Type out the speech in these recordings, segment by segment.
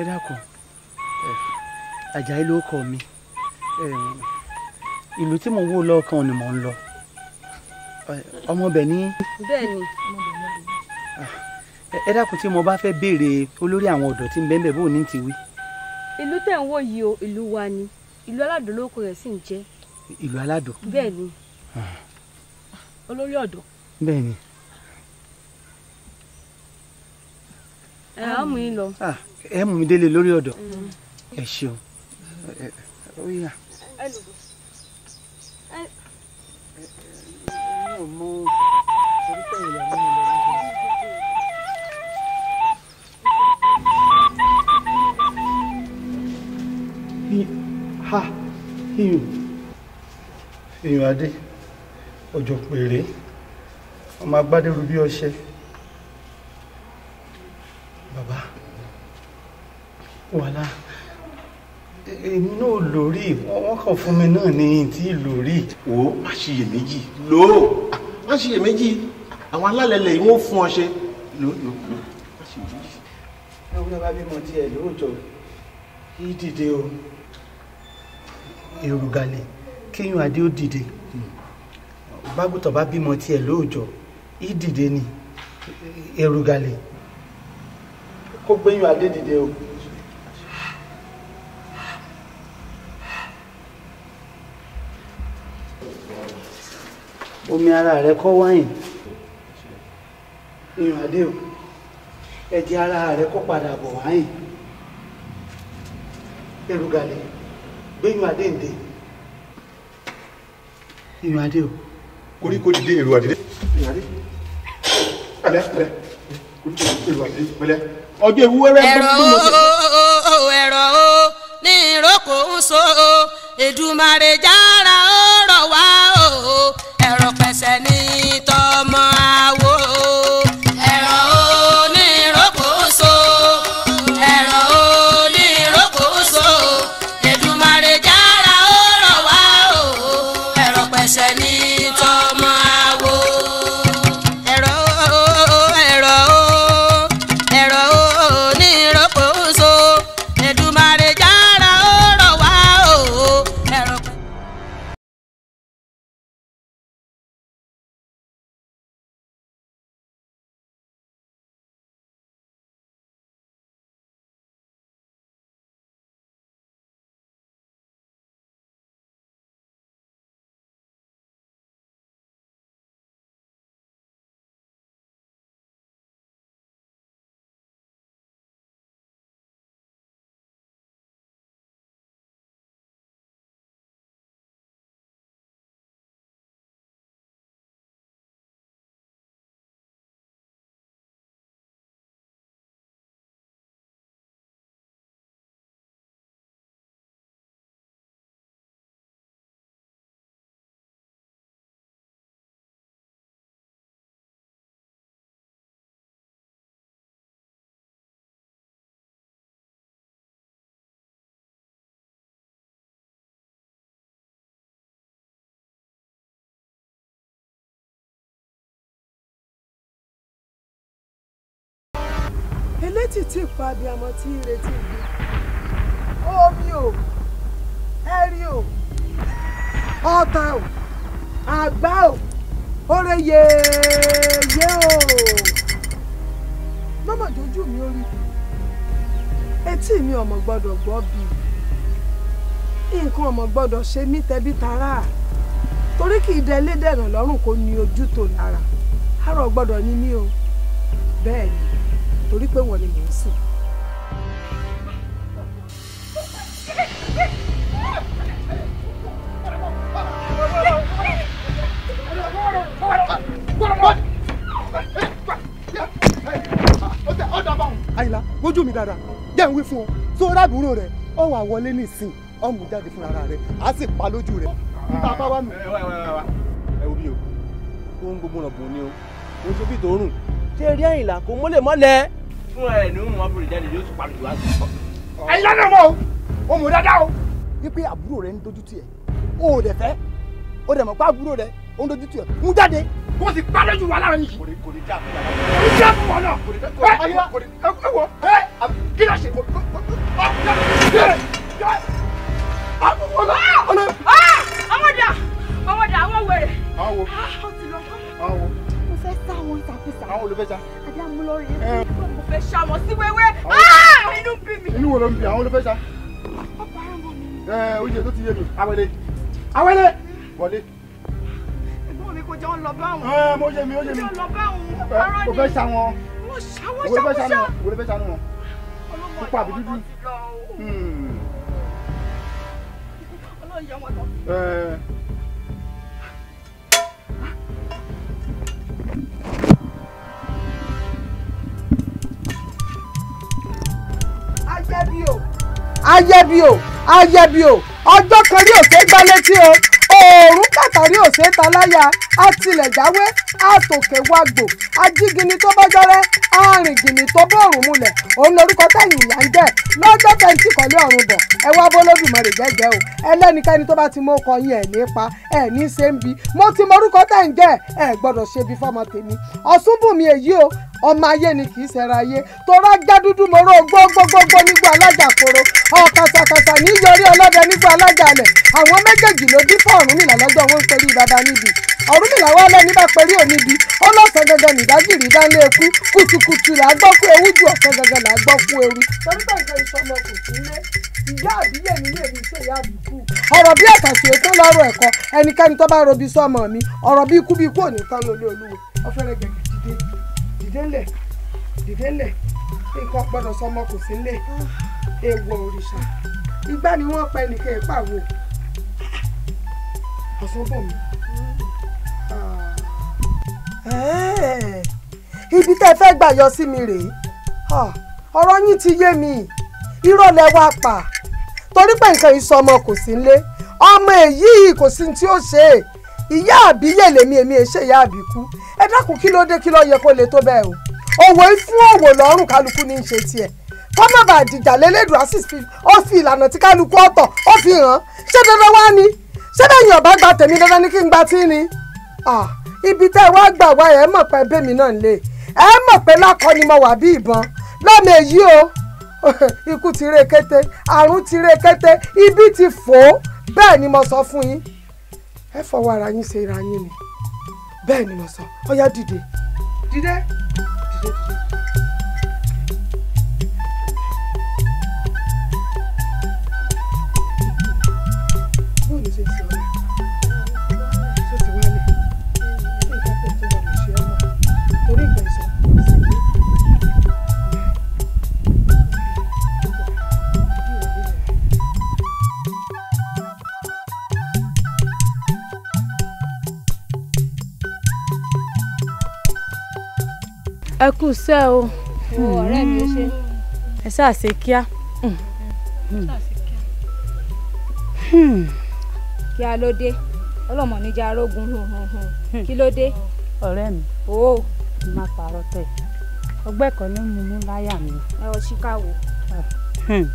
ẹ dákun eh, Àjàyí ló kọ mi eh, ìlú tí mò ń wò lọ́ọ̀kan ni mò ń lọ eh, ọmọ bẹ̀ ní. bẹ́ẹ̀ni ah, ẹ dákun tí mo bá fẹ́ béèrè olórí àwọn ọ̀dọ́ tí ń bẹ́ẹ̀ bẹ́ẹ̀ bó ní ti wí. ìlú tẹ̀ ń wò yìí o ìlú wa ni ìlú aládùn lóko rẹ̀ sì ń jẹ́. ìlú aládùn. bẹ́ẹ̀ni ah. olórí ọ̀dọ́. bẹ́ẹ̀ni. yín lọ. Ah, ẹ mú mi délé lórí ọ̀dọ̀ mm. ẹ ṣeun ó iyùn iyùn adé ọjọ́ péré ọmọ agbádẹ́rù bí ọṣẹ. wàhálà èmi náà lórí wọn kàn fún mi náà ní tí lórí. wò ó má ṣiyèméjì lò ó má ṣiyèméjì àwọn alálẹ̀lẹ̀ yìí wọ́n fún ọ ṣe lò ó lò ó má ṣiyèméjì. báwo ni bá bímọ tiẹ̀ lóòótọ́ kí dìde o. èrò gàlẹ̀ kéèyàn adé ó dìde bágùtọ̀ bá bímọ tiẹ̀ lóòjọ́ ìdìde ni èrò gàlẹ̀ kó gbẹ̀yìn adé dìde o. omi ara rẹ kọ́ wáyìn ìrìn àdé o ẹ̀jẹ̀ ara rẹ kọ́ padà bọ̀ wáyìn erùgàlẹ̀ gbẹ̀yìn àdé ǹdẹ ìrìn àdé o. koríko dìde èrò àdìdẹ. ìrìn àdé pẹ̀lẹ́ pẹ̀lẹ́ koríko dìde èrò àdìdẹ pẹ̀lẹ́. ọjọ́ ìwúwẹ́rẹ́ gbọ́dọ̀ ló ń bọ̀. ẹ̀rọ o ẹ̀rọ o ní ìrókò ń so o Èdùmàrè jára o. elétìtì pa abiyamọ tí ń retí ibi omi o ẹrí o ọta o àgbá o oore yèèyè o mọ́mọ́dójú mi ò rí etí mi ọmọ gbọ́dọ̀ gbọ́ bí nǹkan ọmọ gbọ́dọ̀ ṣe mí tẹbí tará torí kì í délé dẹ̀ràn lọ́rùn kó ní ojú tó lára àrò gbọ́dọ̀ ní mí o bẹ́ẹ̀ ni torí pé wọ́n ni mò ń sìn. àyìnlá gbójú mi dáadáa jẹ́ ń wí fún ọ tó rábùúrò rẹ ọ wà wọlé nísìn ọmọ jáde fúnra rẹ á sì pa lójú rẹ níta bá wà nù. ẹ wo bí o ohun gbogbo ọ̀nà bùn ni o ohun tó bí tòórùn ṣé eré àyìnlá kò mọ́lẹ̀ fún ẹ ní wọn bèrè jáde yóò tún parí ìwà àgbà. ẹyin lọ́nà mọ́ o o mọ̀ dáadáa o. wípé àbúrò rẹ ń dojú tiẹ̀ o ò dẹ̀ fẹ́ o dẹ̀ mọ̀ pé àbúrò rẹ ó ń dojú tiẹ̀ mú jáde kó o sì pa lójú wa lára nìyí. kò ní kò ní dáa fún wọn náà. kò ní dáa fún wọn náà. ẹ wọ ẹ kí ló ṣe. ọmọdé ọmọdé àwọn wèrè. àwọn wo. mo fẹ́ sá wọn sàkúsà. àwọn olùfẹ́ sá. adé amúlọ́rin fẹ́ ṣá wọn sí wẹ́wẹ́ ah! inú bí mi. inú wo ló ń bí àwọn ló fẹ́ ṣá. ẹ eh, oúnjẹ tó ti yé mi awẹ́lẹ́ awẹ́lẹ́ wọlé. ẹ̀gbọ́n mi kò jẹ́ wọn lọ bá wọn. ẹ eh, mo yé mi ó yé mi. Eh, mo fẹ́ ṣá wọn. mo ṣá wọn ṣá wọn ṣá. wo ló fẹ́ ṣá wọn. pupa àbí dúdú. Hmm. ọlọ́run yẹ wọn lọ. ayẹbi o ayẹbi o ayẹbi o ọjọ́ kan rí òṣè gbá létí o òòrùn kàtàrí òṣè taláyà àtìlẹ̀jáwé àtòkèwàgbò ajígini tó bá jọrẹ́ arìngìnì tó bọ̀rùn múlẹ̀ òun lorúkọ tẹ̀yìn ìyá ń jẹ́ lọ́jọ́ tẹ̀ǹtì kọ́lé ọ̀run bọ̀ ẹ wá bọ́lódùmarè jẹ́jẹ́ o ẹlẹ́nikẹ́ni tó bá ti mọ ọkọ yín ẹ̀ nípa ẹ̀ ní ṣe ń bi mo ti mọ orúkọ tẹ̀yìn jẹ́ ẹ̀ gbọ́dọ̀ ṣe bí fọ́mọ tèmi ọ̀ṣunbùnmi èyí o ọmọ ayé ni kì í ṣẹra ayé torá já dúdú mọ́rọ́ gbọ́gbọ́gbọ́gbọ́ nígbà alájà koro ọ̀kàṣàkàṣà ní yọrí ọlọ́dẹ nígbà alájà alẹ̀ àwọn méjèèjì ló dín fún Ọ̀rúnmìlà lọ́jọ́ wọn ń pẹ̀lú bàbá níbi Ọ̀rúnmìlà wà lẹ́ni bá pẹ̀lú nìdájì là ewu ju ọ̀sán là gbọ́ kú ewu. dìde ńlẹ̀ dìde ńlẹ̀ nǹkan gbọ́dọ̀ sọmọ kò sí ńlẹ̀ èèwọ̀ òrìṣà igbá ni wọ́n pa ẹnìkan ìpà wò ọ̀sán bọ̀ mí. Ah. Eh, ibi tẹ́ ẹ fẹ́ gbà yọ sí mi rèé ah, ọ̀rọ̀ yín ti yé mi irọ́ lẹ wá pa torí pé nǹkan ìsọmọ kò sí ńlẹ̀ ọmọ èyí kò sí ní tí ó ṣe é ìyá àbíyè lèmi èmi èṣe ìyá àbíkú ẹ dákun kí ló dé kí ló yẹ kó lè tó bẹ́ẹ̀ o òwò fún òwò lọ́rùn kálukú ní í ṣe tiẹ̀ kó má bàa dìjà lélẹ́dùn àṣìṣe ó fi ìlànà tí kálukú ọ̀tọ̀ ó fi hàn ṣé dandan wá ni ṣé bẹ́ẹ̀ni ọ̀bá gba tèmi dandan ni kí n gba tí ni ibi tẹ́ wá gbà wá ẹ mọ̀ pé bẹ́mi náà lè ẹ mọ̀ pé lákọ ni mo wà bí ìbọn lọ́mọ èyí o ikú ti ré kété àrùn ti ré ibi ti fò bẹ́ẹ̀ ni mo sọ fún yín ẹ fọwọ́ ara yín ṣe ara yín ni bẹ́ẹ̀ ni mo sọ ó yá dìde dìde dìde dìde. ẹ kú iṣẹ́ o. ọ̀rẹ́ mi ò ṣe. ẹ ṣáà ṣe kíá. Hmm. kí a ló dé ọlọ́mọ níjà arógun kí ló dé. ọ̀rẹ́ mi ó má parọ́ tẹ̀ ọgbẹ́ kan ló mú mú láyà mi. ẹ ọ ṣíkàwò. Hmm.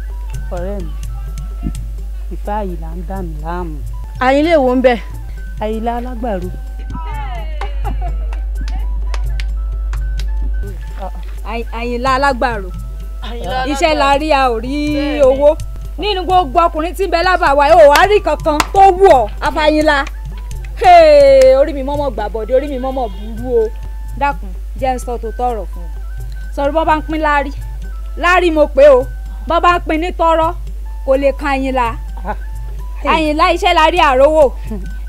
ọ̀rẹ́ mi ìfẹ́ àyìnlá ń dà mí láàmú. àyìnlé wo ń bẹ. àyìnlá alágbàro àyìnlá alágbàro iṣẹ́ la rí a ò rí owó nínú gbogbo ọkùnrin tí ń bẹ lábàá wa ò wá rí kankan tó wù ọ́ afàyìnlá orí mi mọ́mọ́ gbàbọ̀dé orí mi mọ́mọ́ burú o dákun jẹ́ ń sọ tó tọrọ fún un sọ̀rọ̀ bọ́ bá ń pín lárí lárí mo pé o bọ́ bá ń pín ní tọ́rọ́ kò lè kan àyìnlá àyìnlá ah, iṣẹ́ la rí àrówó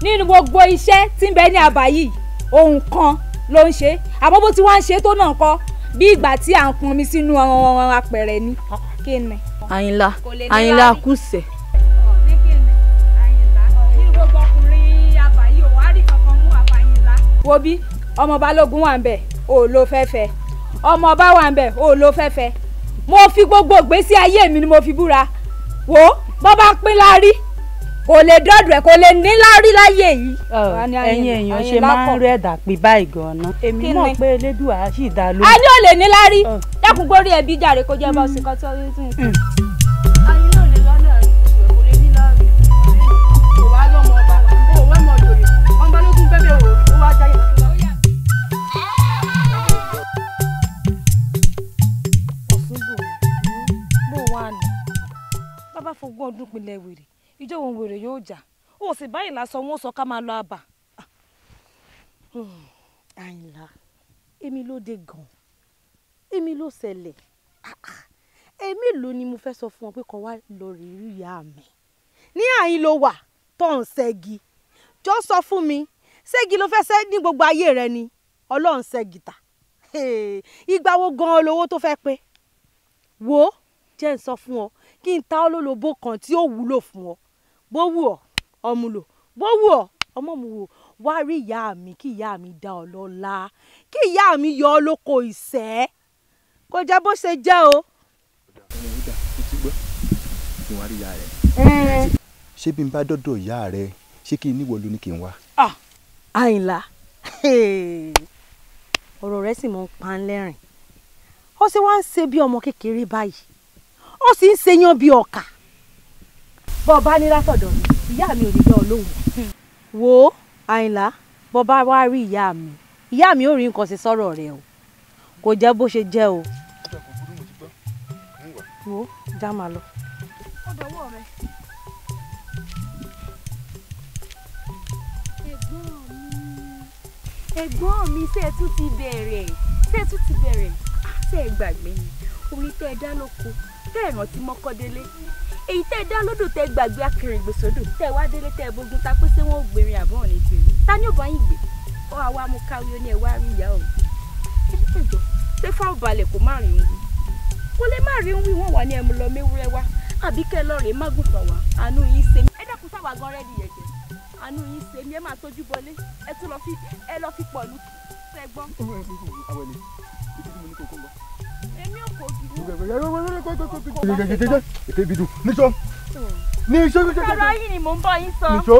nínú gbogbo iṣẹ́ tí ń bẹ ní àbá yìí ohun kan ló ń ṣe àmọ́ bó ti wá ń ṣe tó náà kọ́ bí ìgbà tí à ń pọnmi sínú apẹ̀rẹ̀ ni kí ni. àyìnlá àyìnlá kùsẹ̀. wo bí ọmọ balógun wà ń bẹ ò lo fẹ́fẹ́ ọmọ ọba wà ń bẹ ò lo fẹ́fẹ́ mo fi gbogbo ìgbésí ayé mi ni mo fi búra wo bọ́ bá pín lárí kò lè dọ́dọ̀ ẹ̀ kò lè níláárí láyé yìí. ẹ̀yin èèyàn ṣe máa ń rẹ̀ dà pé báyìí gan-an èmi mọ̀ pé elédùà á sì dá lóhùn. a ní ò lè níláárí dákun gbórí ẹbí jàre kó jẹ́ bọ́ọ̀sì mm. kan tó rí tún. bá fogbọ́n ọdún pinlẹ̀ wèrè ìjọ òun wèrè yóò jà ó sì báyìí lásán wọn sọ ká máa lọ àbà. Hmm, àyìnlá èmi ló dé gan èmi ló ṣẹlẹ̀ èmi ah, ah. ló ni mo fẹ́ sọ fún ọ pé kó wá lọ rírí ìyá mi ní àyín ló wà tó ń ṣẹ́gi jọ sọ fún mi ṣẹ́gi ló fẹ́ ṣẹ́ ní gbogbo ayé rẹ ni ọlọ́run ṣẹ́gi ta ìgbà wo gan-an lówó tó fẹ́ pé wo jẹ́ ń sọ fún ọ kí n ta ọ́ lólobó kan tí ó wúlò fún ọ bó wù ọ́ ọmú lò bó wù ọ́ ọmọ mu wò wá rí ìyá mi kí ìyá mi dá ọ lọ́lá kí ìyá mi yọ ọ lóko ìṣẹ́ kò jẹ́ bó ṣe jẹ́ o. ṣé bí n bá dọ́dọ̀ ìyá rẹ ṣé kí n níwọ̀ ló ní kí n wá. àyìnlá ọ̀rọ̀ rẹ sì mọ ń pa ń lẹ́rìn ó sì wá ń ṣe bí ọmọ kékeré báyìí ó sì ń ṣe yan bí ọkà bọ́ ọ bá ní látọ̀dọ̀ mi ìyá mi ò ní gbọ́ lóhùn. wo àyìnlá bọ́ bá wá rí ìyá mi ìyá mi ò rí nǹkan ṣe sọ́rọ̀ rẹ o kò jẹ́ bó ṣe jẹ́ o. wo já máa lọ. ó dọwọ́ ẹ̀gbọ́n mi ẹ̀gbọ́n mi ṣé ẹ tún ti bẹ̀rẹ̀ ṣé ẹ tún ti bẹ̀rẹ̀ ah, ṣé gbàgbé ni orin tẹ́ ẹ dá lóko tẹ́ ẹ rántí mọ́kọ́délé èyí tẹ́ ẹ dá lódò tẹ́ gbàgbé akèrègbè sódò tẹ́ ẹ wá délé tẹ́ ẹ bógun ta pé ṣé wọ́n ò gbèrin àbọ̀ ní tèmi ta ni ò bá yín gbé ọ àwa mo káwé ó ní ẹ wá rí ìyá òun ẹ ṣé fáwọn balẹ̀ kò má rí wí kò lè má rí wí wọ́n wà ní ẹmu lọ méwúrẹ́ wá àbí kẹ́ lọ rèé má gùn fàwà àánú yín ṣe mí ẹ dẹ́kun sáwà gan rẹ́ẹ̀dì yẹn jẹ àánú yín ṣe mí ẹ máa tójú bọlé ẹ tún lọ fi ẹ lọ fi pọ̀ lù fẹ́ gbọ́n. àwọn ẹni èmi ò kò dùn. ètè ibi dùn níṣó níṣó. sọ̀rọ̀ yìí ni mò ń bọ̀ yín sọ. níṣó.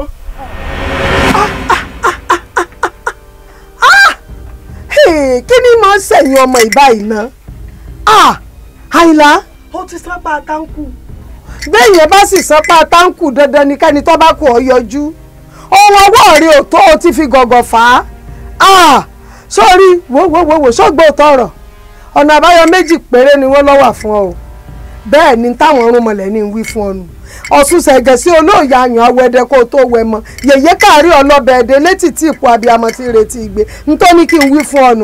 kí ni màá sẹ̀yìn ọmọ ìbá ìná àìlá. ó ti sábà táǹkù. béèyàn bá sì sápá táǹkù dandan ni kẹ́ni tó bá kù ọ yọjú ohun ọwọ́ rẹ ò tó o ti fi gọ̀gọ̀ fà á ah, sórí wo wo tọrọ ọ̀nà àbáyọ méjì péré ni wọ́n lọ́wà fún ọ bẹ́ẹ̀ ni táwọn ọrùn ní wí fún ọnù ọ̀sùn ṣẹ̀gẹ̀ sí olóòyà àyàn awẹ́dẹ kó tó wẹ mọ́ yèyé káàrí ọlọ́bẹ̀ ẹ̀dẹ́ létí tí ipò ti retí ni kí n wí fún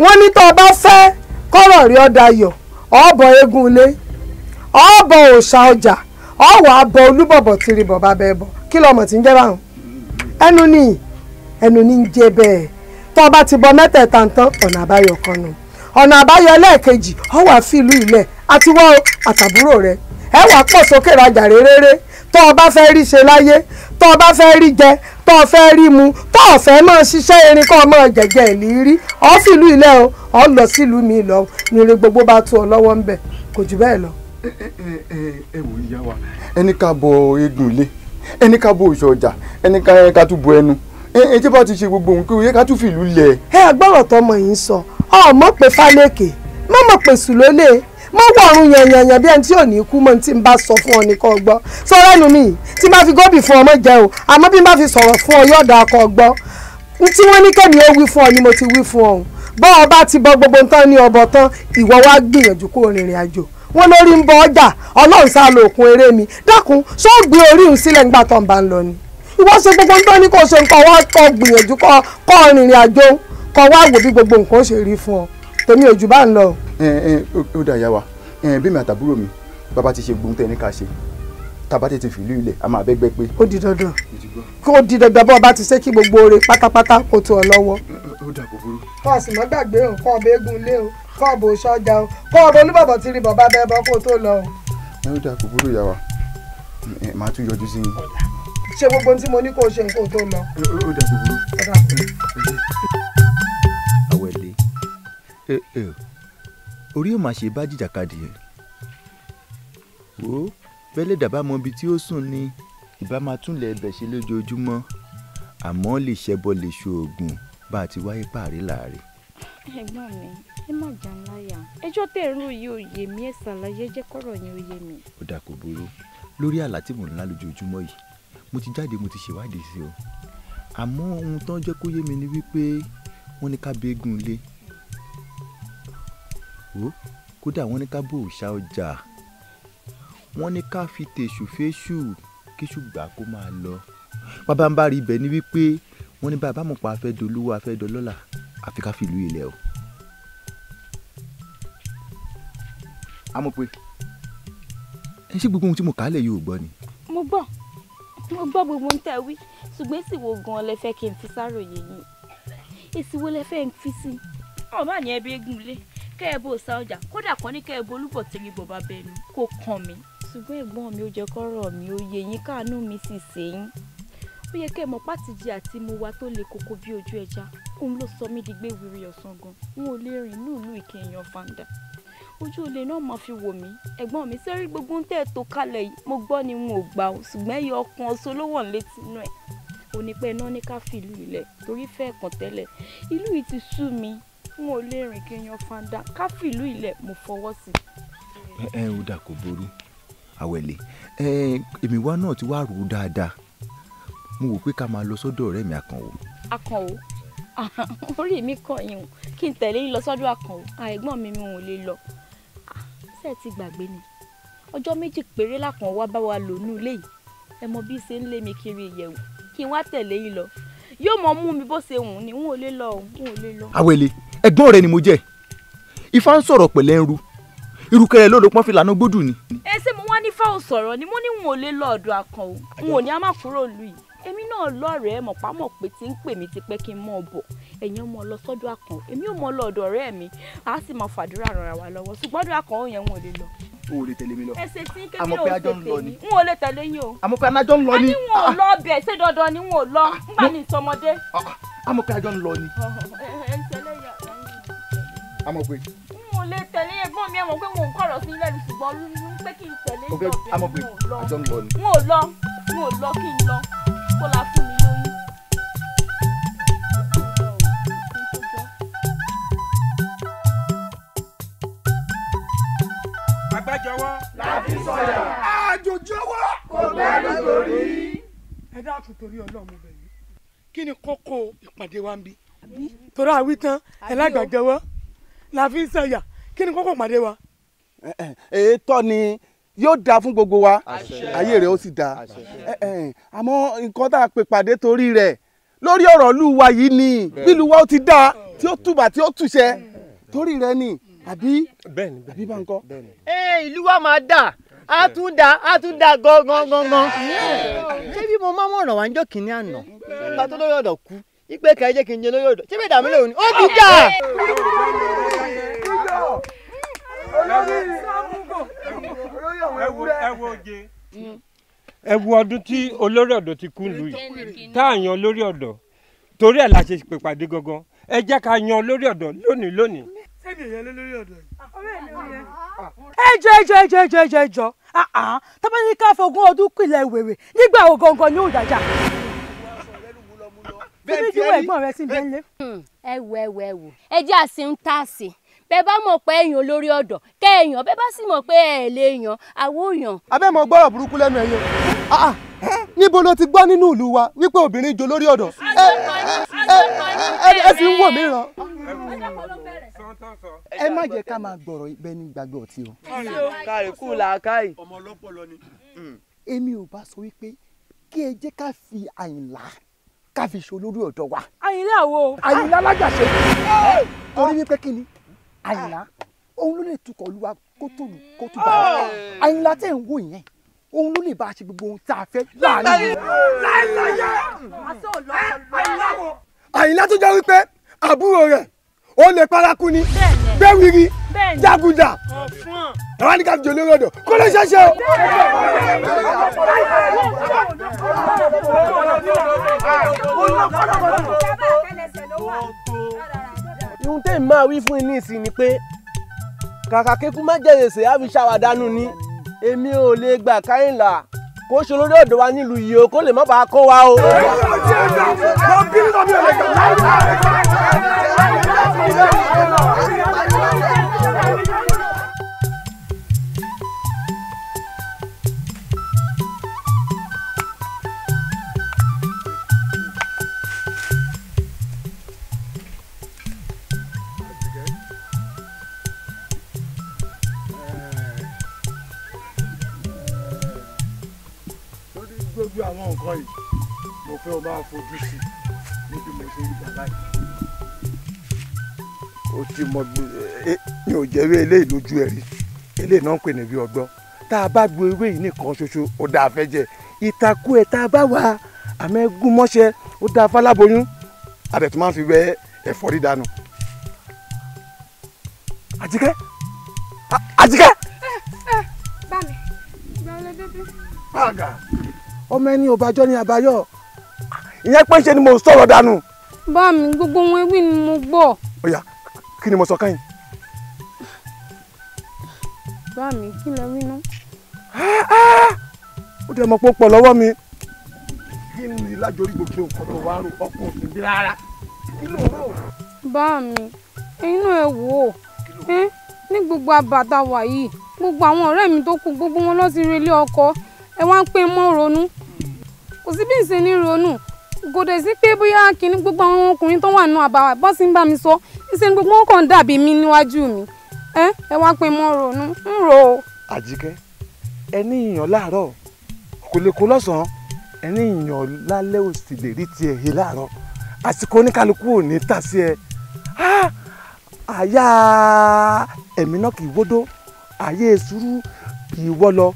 wọ́n ní tó fẹ́ kọ́rọ̀ rí ọ̀bọ̀ ọjà ọ̀wọ̀ olúbọ̀bọ̀ ọ̀nà àbáyọ ẹlẹ́ẹ̀kejì ọ wà fìlú ilẹ̀ àtiwọ́ àtàbúrò rẹ̀ ẹ wà pọ̀ sókè rajà rérére tó o bá fẹ́ rí ṣe láyé tó o bá fẹ́ rí jẹ tó o fẹ́ rí mu tó o fẹ́ máa ṣiṣẹ́ erin kó o máa jẹ̀jẹ̀ ìlírí ọ fìlú ilẹ̀ o ọ lọ sílùú mi lọ nire gbogbo bá tó ọ lọ́wọ́ ń bẹ̀ kò jù bẹ́ẹ̀ lọ. ẹ wò wa ẹni ká bọ eégún ilé ẹni ká bọ òṣù ọjà ẹni ká tún bọ ẹnu ẹ bá ti ṣe gbogbo nǹkan ọmọ pé fálẹ́kẹ̀ má mọ̀ pé sùlólè mo wọ ọrùn yanyanyan bí ẹni tí ò ní kú mọ tí n bá sọ fún ọ nìkan gbọ́ sọ̀rọ̀ ẹnu mi tí n bá fi góbì fún ọmọ jẹ o àmọ́ bí n bá fi sọ̀rọ̀ fún ọ yọ̀dà ọkọ gbọ́ n tí wọ́n ní kẹ́mi ó wí fún ọ ni mo ti wí fún ọ bọ́ ọ bá ti bọ gbogbo tán ní ọbọ tán ìwọ wá gbìyànjú kó rìnrìn àjò wọn lórí ń bọ ọjà ọlọ́run sá lo òkun eré mi dákun ṣó gbé orí òun sílẹ̀ nígbà tó bá ń lọ ni ìwọ ṣe gbogbo ń ní kò ṣe nǹkan wá kọ gbìyànjú kọ rìnrìn àjò kọ wá wò bí gbogbo nǹkan ṣe rí fún ọ tèmi ò jù bá ń lọ. ó dà yà wá bí mi àtàbúrò mi bàbá ti ṣe gbóhùn tẹ́ni ká ṣe tàbá tètè fìlú ilẹ̀ a máa bẹ́gbẹ́ pé. ó di dandan kó di dandan bá ọba ti ṣe kí gbogbo oore pátápátá kó tó ọ lọ́wọ́. ó dà kó burú. kọ́ ọ sì mọ́ gbàgbé o kọ́ ọba eégún lé o kọ́ ọba oṣù ọjà o kọ́ ọba oníbàbọ̀ ti rí bàbá bẹ́ẹ̀ bọ́ kó tó lọ o. ó dà kó burú yà màá tún yọjú sí yín. ṣé gbogbo ohun tí mo ní kó o ṣe nǹkan tó lọ. ó dà kó Eh, eh. orí ò máa ṣe bá jìjàkadì yẹn wò ó bẹ́lẹ̀ dàbá mọ ibi tí ó sùn ni ìbá máa túnlẹ̀ ẹbẹ̀ ṣe lójoojúmọ́ àmọ́ lè ṣẹbọ lè ṣoògùn bá a ti wáyé páàrí láàrin. ẹ̀gbọ́n mi ẹ má jà ń láyà ẹjọ́ tẹ̀ ń yìí òye mi ẹ̀ ṣàlàyé jẹ́ kọ́rọ̀ yẹn òye mi. ó dà kó burú lórí àlá tí mò ń lá lójoojúmọ́ yìí mo ti jáde mo ti ṣèwádìí sí o àmọ́ ohun tán jẹ́ kó yé mi ni wípé wọ́n ní ká bẹ́ẹ̀gùn lé wo kódà wọ́n ní ká bò òòṣà ọjà wọ́n ní ká fi tèṣù fésù kéṣù gbà kó máa lọ bàbá ń bá rí ibẹ̀ ni wípé wọ́n ní bàbá mọ̀ pa afẹ́ dolówó afẹ́ dọlọ́là àfi ká fi ìlú ilẹ̀ o. amọ̀pẹ́ ẹ ṣe gbogbo ohun tí mo kà á lẹ̀ yóò gbọ́ ni. mo gbọ́ mo gbọ́ gbogbo ohun tẹ́ wí ṣùgbọ́n èsì wo gan-an lẹ fẹ́ kí n fi sáròyé yìí èsì wo lẹ fẹ́ n fi sí i. ọ̀bá yẹn bí eégún lé kẹ́ẹ̀bù ọ̀sà ọjà kódà kan ní kẹ́ẹ̀bù olúbọ̀ tẹ́ni bọ̀bá bẹnu kò kàn mí. ṣùgbọ́n ẹ̀gbọ́n mi ò jẹ́ kọ́rọ̀ mi ó yẹ yín káàánú mi sì ṣe yín ó yẹ kẹ́ ẹ mọ̀ pátìjì àti mo wa tó le koko bí ojú ẹja òun ló sọ mí di gbéwìrì ọ̀sán gan n ò lè rìn lùlù ìkẹyàn fàǹdà ojú olè náà máa fi wò mí ẹ̀gbọ́n mi sẹ́rí gbogbo ń tẹ́ ẹ̀ tó kalẹ̀ yìí mo gbọ́ ni n ò gbà n ò lè rìn kéèyàn fanda ká fìlú ilẹ̀ mo fọwọ́ sí i. ẹ ẹ ó dà kó burú àwẹ̀lẹ̀ ẹ èmi wa náà ti wá rò ó dáadáa mo wò pé ká máa lọ sọ́dọ̀ ọ̀rẹ́ mi àkànwò. àkànwò orí mi kàn yín o kí n tẹ̀lé yín lọ sọ́dọ̀ àkànwò àìgbọ́n mi mi ò lè lọ ṣé ẹ ti gbàgbé ni ọjọ́ méjì péré lákàn wá bá wa lò ní ilé yìí ẹ mọ bí ṣe ń lé mi kiri ìyẹ̀wò kí n wá tẹ̀lé yín lọ yóò mọ mú mi bó ṣe wù ni n ò lè lọ n ò lè lọ. awele ẹ̀gbọ́n rẹ ni mo jẹ́ ifá ń sọ̀rọ̀ pẹ̀lẹ́ ń ru irukẹrẹ ló ló pọ́n fi gbódù ni. ẹ ṣé mo wá ní fáwọn sọ̀rọ̀ ni mo ní n ò lè lọ ọ̀dọ̀ àkàn o n ò ní a má kúrò lù yìí èmi náà lọ́rẹ̀ẹ́ mọ̀ pé tí ń pè mí ti pẹ́ kí n mọ̀ bọ̀ ẹ̀yin ọmọ lọ sọ́dọ̀ àkàn èmi ò mọ lọ ọ̀dọ̀ ọ̀rẹ́ mi a sì máa fàdúrà ràn wá lọ́wọ́ ṣùgbọ́n ọ̀dọ̀ àkàn òun yẹn wọn ò lè lọ. o ò lè tẹ̀lé mi lọ. ẹsẹ̀ tí kékeré ò tètè ní n ò lè tẹ̀lé yín o. àmọ́ pé anájọ́ ń lọ ni. a ní wọn ò lọ bẹ̀ ṣé dandan ni wọn ò lọ ah, nígbà ní ìsọmọdé. Ah, ah, àmọ́ pé anájọ́ ń lọ ni. ẹ ń tẹ́lẹ̀ y a mọ̀ pé. n ò lè tẹ̀lé ẹ̀gbọ́n mi ẹ̀ mọ̀ pé n ò ń kọ̀rọ̀ sí lẹ́nu ṣùgbọ́n pé kí n tẹ̀lé ìjọba mi n ò lọ n ò lọ n ò lọ kí n lọ kó la fún mi lóyún. àgbájọwọ́. láti sọ̀yà. àjòjọwọ́. kò gbẹ́rù lórí. ẹ dákun torí ọlọ́run bẹ̀rẹ̀ kí ni kókó ìpàdé wa ń bí. torí àwítán ẹ lágbàjọwọ́ la fi ń sẹ̀yà kí ni kókó pàdé wa. ètò ni yóò dáa fún gbogbo wa ayé rẹ̀ ó sì dáa àmọ́ nǹkan tá a pè pàdé torí rẹ̀ lórí ọ̀rọ̀ ìlú wa yìí ni bílù ó ti dáa tí ó tùbà tí ó tùṣẹ́ torí rẹ̀ ni àbí àbí bá ń kọ́. ee eh, ìlú wa máa dà á tún dà á tún dà gangan gangan ṣé bí mo máa mọ̀ràn wá ń jọ́ kínní àná bàtọ́ lórí ọ̀dọ̀ kú ipe kẹ́ ẹ kí n jẹ lórí odò ṣé bẹ́ẹ̀ dàmí lòun ni ó ti jà. ẹ wo ọdún tí olórí ọ̀dọ́ ti kú lù yìí tá a yan olórí ọ̀dọ́ torí ẹ̀ la ṣe pè gangan ẹ jẹ́ ká yan olórí ọ̀dọ́ lónìí lónìí. ẹ jọ ẹ jọ ẹ jọ ẹ jọ ẹ jọ ah, ah. tọ́pẹ́ ní ká fọgún ọdún pìlẹ̀ wèrè nígbà wo gangan ni ó dájà bẹ́ẹ̀ tí ẹ̀gbọ́n rẹ sì bẹ́ẹ̀ lé. ẹ wò ẹ wò ẹ wò ẹ jẹ́ àṣẹ ń tà sí bẹ́ẹ̀ bá mọ̀ pé èèyàn olórí ọ̀dọ̀ kẹ́ èèyàn bẹ́ẹ̀ bá sì mọ̀ pé ẹ̀ lè yàn àwọ̀ yàn. abẹ́ mọ gbọ́rọ̀ burúkú lẹ́nu ẹ̀yẹ ah, ah. níbo ló ti gbọ́ nínú ìlú wa wípé obìnrin jo lórí ọ̀dọ̀ eh, eh, eh, ẹ sì ń wò mí ràn ẹ má jẹ́ ká máa gbọ́rọ̀ ibẹ̀ ní gbàgbé ọtí o. kárí kú làákàyè. ọmọ ọlọ́pọlọ ni. Hmm. èmi ò bá sọ wípé kí ẹ jẹ́ ká fi Àyìnlá káfí ṣolórí ọ̀dọ́ wa. àyìnlá wo. àyìnlá lájàṣe. Ah! torí wípé kí ni àyìnlá òun ló lè tukọ̀ olúwa kó tòlù kó ah! àyìnlá tẹ̀ ń wò yẹn òun ló lè bá a ṣe gbogbo ohun tá a fẹ́ láàrin. láìláyà àyìnlá tó jẹ́ wípé àbúrò rẹ̀ ó lè paraku ni bẹ́ẹ̀ wíri jagunja ẹ wá ní ká jòlè lọ́dọ̀ kó lè ṣẹṣẹ o. ihun tẹ́ ẹ̀ máa wí fún yín nísìn ni pé kàkà kíkú má jẹ̀yẹsẹ̀ àfi ṣàwádánù ni èmi ò lè gbà káyìnlá kó ṣe olórí ọ̀dọ̀ wa nílùú yìí o kó lè má bàa kó wa o. Thank you. bá fojú sí níbi mo ṣe ń gbà báyìí. o ti mọ e, mi ò jẹ́wé eléyìí lójú ẹ̀rí eléyìí náà ń pè ní bí ọgbọ́n tá a bá gbo ewé yìí nìkan ṣoṣo ó dáa fẹ́ jẹ ìtakú ẹ̀ tá a bá wà àmọ́ ẹgún mọ́ṣẹ́ ó dáa fáláboyún àdẹ̀tún máa ń fi wẹ ẹ̀fọ́rí dànù. àjíkẹ́ àjíkẹ́. bá mi lọ dé dé. ọmọ ẹni ò bá jọ ìyẹn pé ṣe ni mo sọ̀rọ̀ dànù. bá mi gbogbo wọn wí ni mo gbọ́. ó yá kí ni mo sọ káyìn. bá mi kí lẹ wí ná. ó dẹ̀ mọ̀ pé lọ́wọ́ mi. kí ni lájorí gbogbo nǹkan tó wàá rò ọkùnrin mi rárá kí ló rò. bá mi inú ẹ wò ó ní gbogbo àbàtà wà yìí gbogbo àwọn ọ̀rẹ́ mi tó kù gbogbo wọn lọ sí relé ọkọ ẹ wá ń pè mọ́ ronú kò sí bí n ṣe ní ronú gòdè sí pé bóyá kìíní gbogbo àwọn ọkùnrin tó wà nù àbáwá bọ́ sí ń bá mi sọ ṣe ni gbogbo wọn kàn dàbí mi níwájú mi ẹ ẹ wá pé mo ronú ń rò ó. àjíkẹ́ ẹni ìyàn láàárọ̀ kò lè kó lọ́sàn-án ẹni ìyàn lálẹ́ ò sì lè rí tiẹ̀ he láàárọ̀ àsìkò oníkálukú ò ní tà sí ẹ àyà ẹ̀mí náà kì í wódó àyè sùúrù kì í wọ́ lọ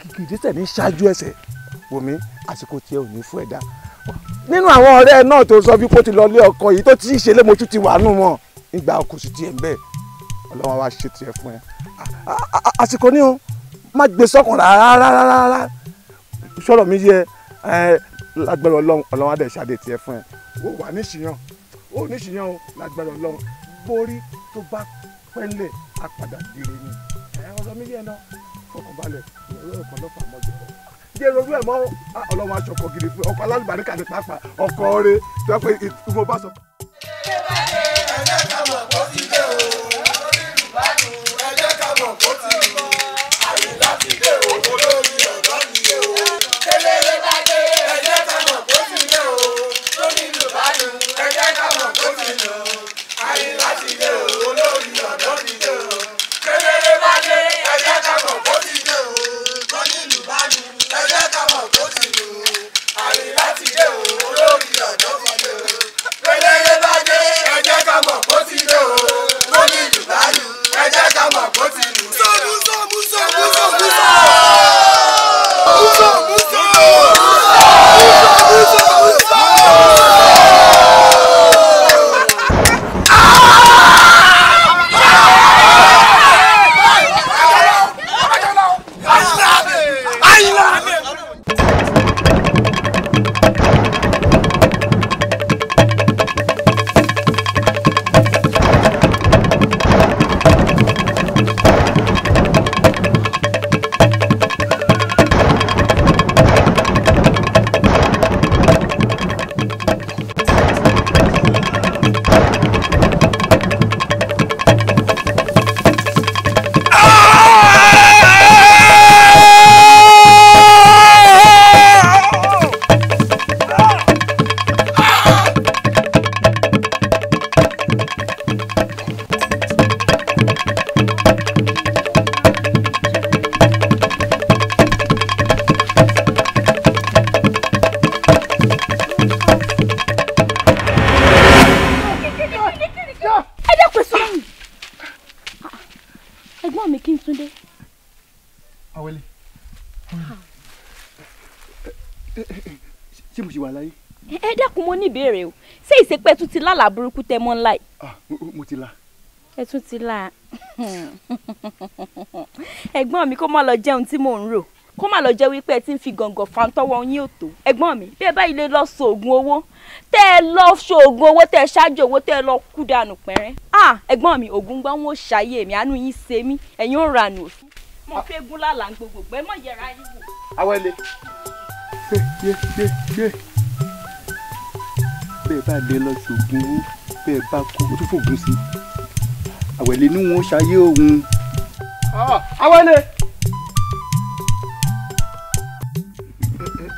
kìkì ìdísẹ̀ ní ṣáájú ẹsẹ̀ wòmí àsìkò tiẹ̀ ò ní fún ẹ̀dá nínú àwọn ọ̀rẹ́ náà tó sọ wípé ó ti lọ lé ọkọ yìí tó ti ṣe lé ti wà nù wọn ìgbà kò sì tiẹ̀ bẹ́ẹ̀ ọlọ́wọ́n wa ṣe tiẹ̀ fún ẹ àsìkò ní o má gbé sọ́kàn rárá rárá sọ̀rọ̀ mi yẹ ẹ lágbára ọlọ́run ọlọ́run adé ṣàdé tiẹ̀ fún ẹ ó wà níṣìyàn ó níṣìyàn o lágbára ọlọ́run borí tó bá pẹ́lẹ̀ apàdà dìrè ni ọ̀rọ̀ mi yẹ náà fọkànbalẹ̀ ìwọ̀n ọlọ́pàá mọ́ jẹ́ ronú ẹ̀ mọ́ ah, ọlọ́run aṣọkọ̀ gidi fún ọkọ̀ alálùbáríkà ní pápá ọkọ̀ ọ̀rẹ́ tó yẹ pé ìtumọ̀ àlá burúkú tẹ mọ́ ńlá yìí. Ah, mo ti la. ẹ tún ti la ẹ̀gbọ́n mi kó má lọ jẹun tí mò ń rò kó má lọ jẹ́ wípé ẹ ti ń fi gàngàn fa tọ́wọ́ yín ò tó ẹ̀gbọ́n mi bí ẹ báyìí lè lọ sòògùn owó tẹ́ ẹ lọ sòògùn owó tẹ́ ẹ ṣáájú owó tẹ́ ẹ lọ kú dànù pẹ́rẹ́ ah ẹ̀gbọ́n mi ògùn gbọ́n wọn ò ṣàyè mi àánú yín ṣe mí ẹ̀yin ò ranù òfin mo fẹ́ gún lálàá gbogbo ẹ mọ̀ yẹra yín wò. awẹ́lẹ̀ bẹ́ẹ̀ bá lè lọ ṣògùn owó bẹ́ẹ̀ bá kú ó tún fògùn sí i àwẹ̀lẹ̀ ni wọ́n ṣayé òun. àwẹ̀lẹ̀.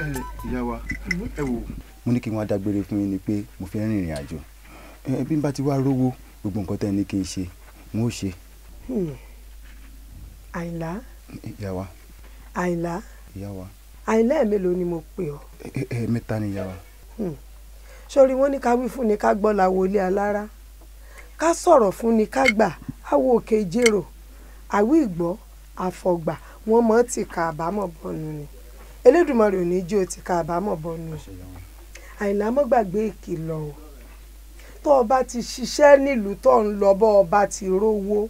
Ah, ìyá wa ẹ wò. mo ní kí wọ́n dágbére fún yín ni pé mo fẹ́ rìnrìn àjò bí n bá ti wá rówó gbogbo nǹkan tẹ́ ẹ ní kí n ṣe n ó ṣe. Hmm. àìlá. ìyá wa. àìlá. ìyá wa. àìlá ẹ̀ mélòó ni mo pè ọ́. ẹ ẹ mẹ́ta ni ìyá wa. Hmm sórí wọn ní ká wí fún ni ká gbọ́ làwọ̀ ilé alára ká sọ̀rọ̀ fún ni ká gbà àwọ̀ òkè jèrò àwí ìgbọ́ àfọ̀gbà wọn mọ̀ ti ka àbámọ̀ bọ̀nù ni Elédùmarè ò ní jí o ti ka àbámọ̀ bọ̀nù àyìnlá mọ́ gbàgbé ìkìlọ̀ o tó o bá ti ṣiṣẹ́ nílùú tó ń lọ bọ́ ọ bá ti rówó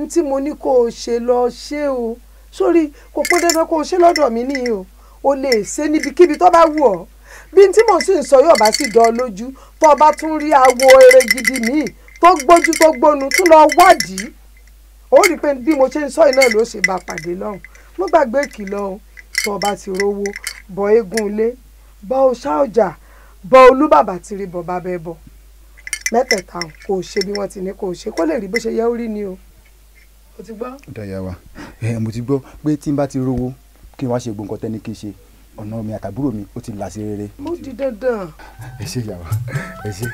ní tí mo ní kó o ṣe lọ ṣé o sórí kò pọ́n dandan kó o ṣe lọ́dọ̀ mi níyì o o lè ṣe níbikíbi tó bá wù ọ́ bí n tí mò ń sì ń sọ yóò bá sì dán lójú tó bá tún rí awo eré gidi míì tó gbójú tó gbónu tún lọ wádìí ó rí i pé bí mo ṣe ń sọ yìí náà ló ṣe bá pàdé lọ́hùn mo gbàgbé ìkìlọ̀ o tó bá ti rówó bọ eégún ilé bọ ọṣà ọjà bọ olúbàbà tìrì bọ bàbá ẹ bọ mẹ́tẹ̀ẹ̀ta kò ṣe bí wọ́n ti ní kò ṣe kó lè rí bó ṣe yẹ ó rí ni o o ti gbọ́. dayàwá ẹ mo ti gbọ́ pé tí n bá ti rówó kí n wá ṣe gbọǹkan tẹ́ni kí n ṣe ọ̀nà mi àtàbúrò mi ó ti là sí rere. mo di dandan. ẹ ṣe ìyàwó ẹ ṣe.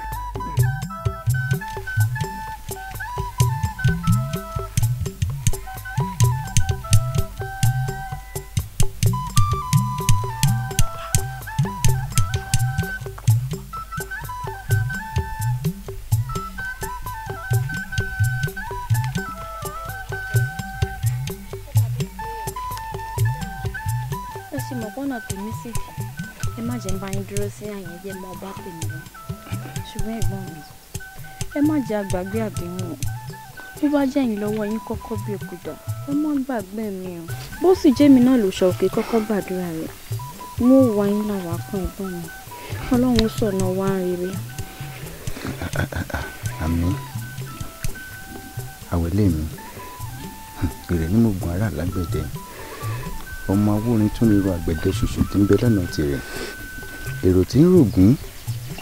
sí ẹ má jẹ́ bá yín dúró sí àyàn ẹ̀jẹ̀ mọ́ ọba pè mí lọ ṣùgbọ́n ẹ̀gbọ́n mi ẹ má jẹ́ àgbàgbé àdéhùn bó bá jẹ́ yín lọ́wọ́ yín kọ́kọ́ bí òkúta ẹ má gbàgbé mi o bó sì jẹ́mi náà ló ṣọ̀kè kọ́kọ́ gbàdúrà rẹ̀ mo wà yín làwọn akọ ẹ̀gbọ́n mi ọlọ́run sọ̀nà wá rere. àmín àwẹ̀lé mi ìrẹ̀ hm, ni mo gun ara lágbẹ̀dẹ ọmọ awúrin tún lè ro àgbẹ̀dẹ ṣoṣo tí ń bẹ lọ́nà tirẹ̀ èrò tí ń rògùn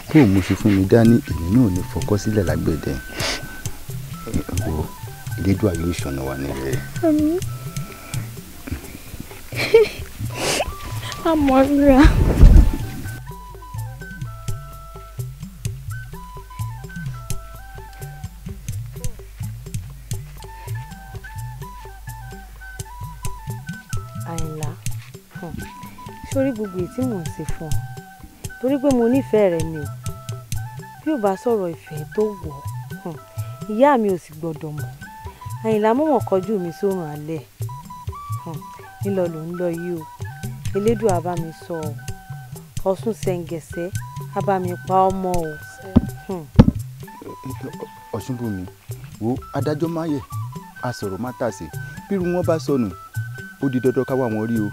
kó o muṣu fún mi dání èmi náà ní fọkọ́ sílẹ̀ lágbẹ̀dẹ wo ìdíjú ayé ìṣọ̀nà wà nílẹ̀. àmọ́ ra. ṣe fún ọ torí pé mo nífẹ̀ẹ́ rẹ ni o bí o, bá sọ̀rọ̀ ìfẹ́ tó wọ̀ ọ́ ìyá mi ò sì gbọ́dọ̀ mọ̀ àyìnlá mọ̀mọ̀ kọjú mi sórun alẹ́ ńlọ ló ń lọ yìí o elédùn abámi sọ ọ ọ̀sùn ṣẹ̀ǹgẹ̀sẹ̀ abámi pa ọmọ o. ọ̀ṣunbùnmi wo adájọ́ máyẹ̀ a sọ̀rọ̀ má tàsé bí irú wọn bá sọnù ó di dandan ká wá wọn rí o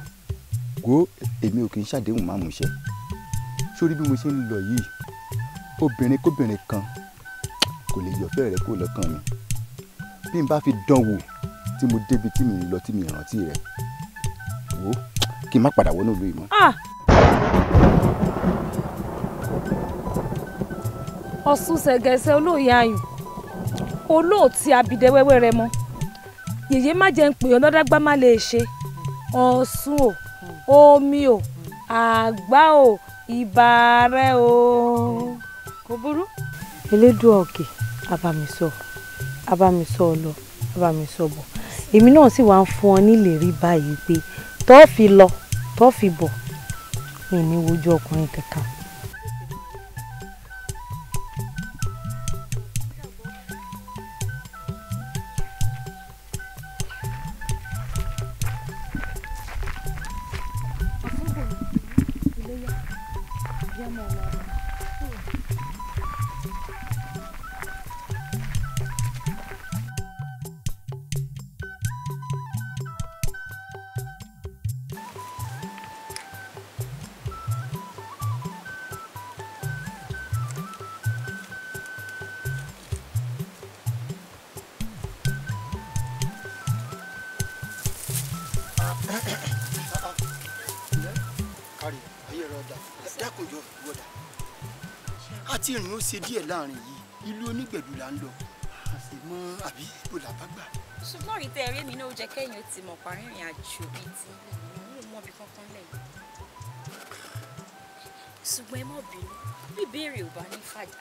wo èmi ò kì í ṣàdéhùn máa mú ṣe sórí bí mo ṣe ń lọ yìí obìnrin kóbìnrin kan kò lè yọ̀fẹ́ rẹ kó lọ́kàn mi bí n bá fi dán wò tí mo débi tí mi ń lọ tí mi rántí rẹ wo kí n má padà wọnú ìlú yìí ah! ọ̀sùn ṣẹ̀gẹ̀ṣẹ̀ olóòye ayùn olóòtí abidẹ rẹ mọ́ yèyé má jẹ́ ń pè má lè ṣe ọ̀sùn o omi o àgbá o ìbà rẹ o kò burú. elédùn ọ̀kẹ́ abamisọ abamisọ lọ abamisọ bọ̀ èmi náà sì wá ń fún ọ níléèrí báyìí pé tọ́ọ̀fì lọ tọ́ọ̀fì bọ̀ mi wojú ọkùnrin kankan. Yeah, la tí ìrìn ó ṣe díẹ̀ láàrin yìí ìlú onígbẹ̀dù là ń lọ àfi mọ́ àbí ibo là bá gbà. ṣùgbọ́n ìtẹ̀ eré mi náà jẹ́ kẹ́yìn ó ti mọ̀ parí ìrìn àjò bíi ti ìlú mọ́ bí kankan lẹ́yìn. ṣùgbọ́n ẹ mọ̀ bínú bíbéèrè ò bá ní fàjà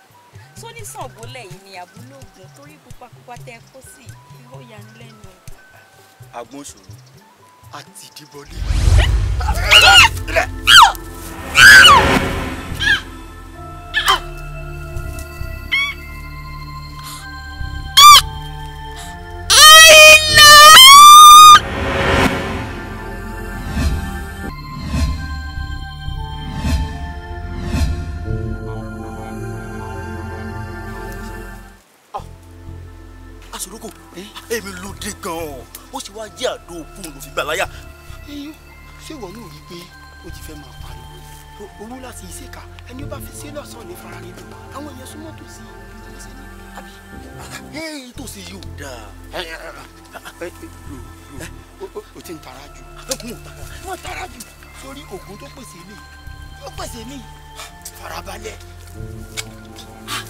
tó ní Ṣàngó lẹ́yìn ni àbúlóògùn torí pupapupa tẹ́ kó sí ó yanu lẹ́nu. agbóhùn ṣòro àtìdíbọlé. sì í ṣèkà ẹni ó bá fi sí lọ́sàn-án ní farare lò àwọn èèyàn súnmọ́ tòsí ló ṣe ní àbí. ee tòsí yìí ò dáa o ti ń tara jù mo tara jù sórí oògùn tó pèsè mi ó pèsè mi farabalẹ̀. Ah,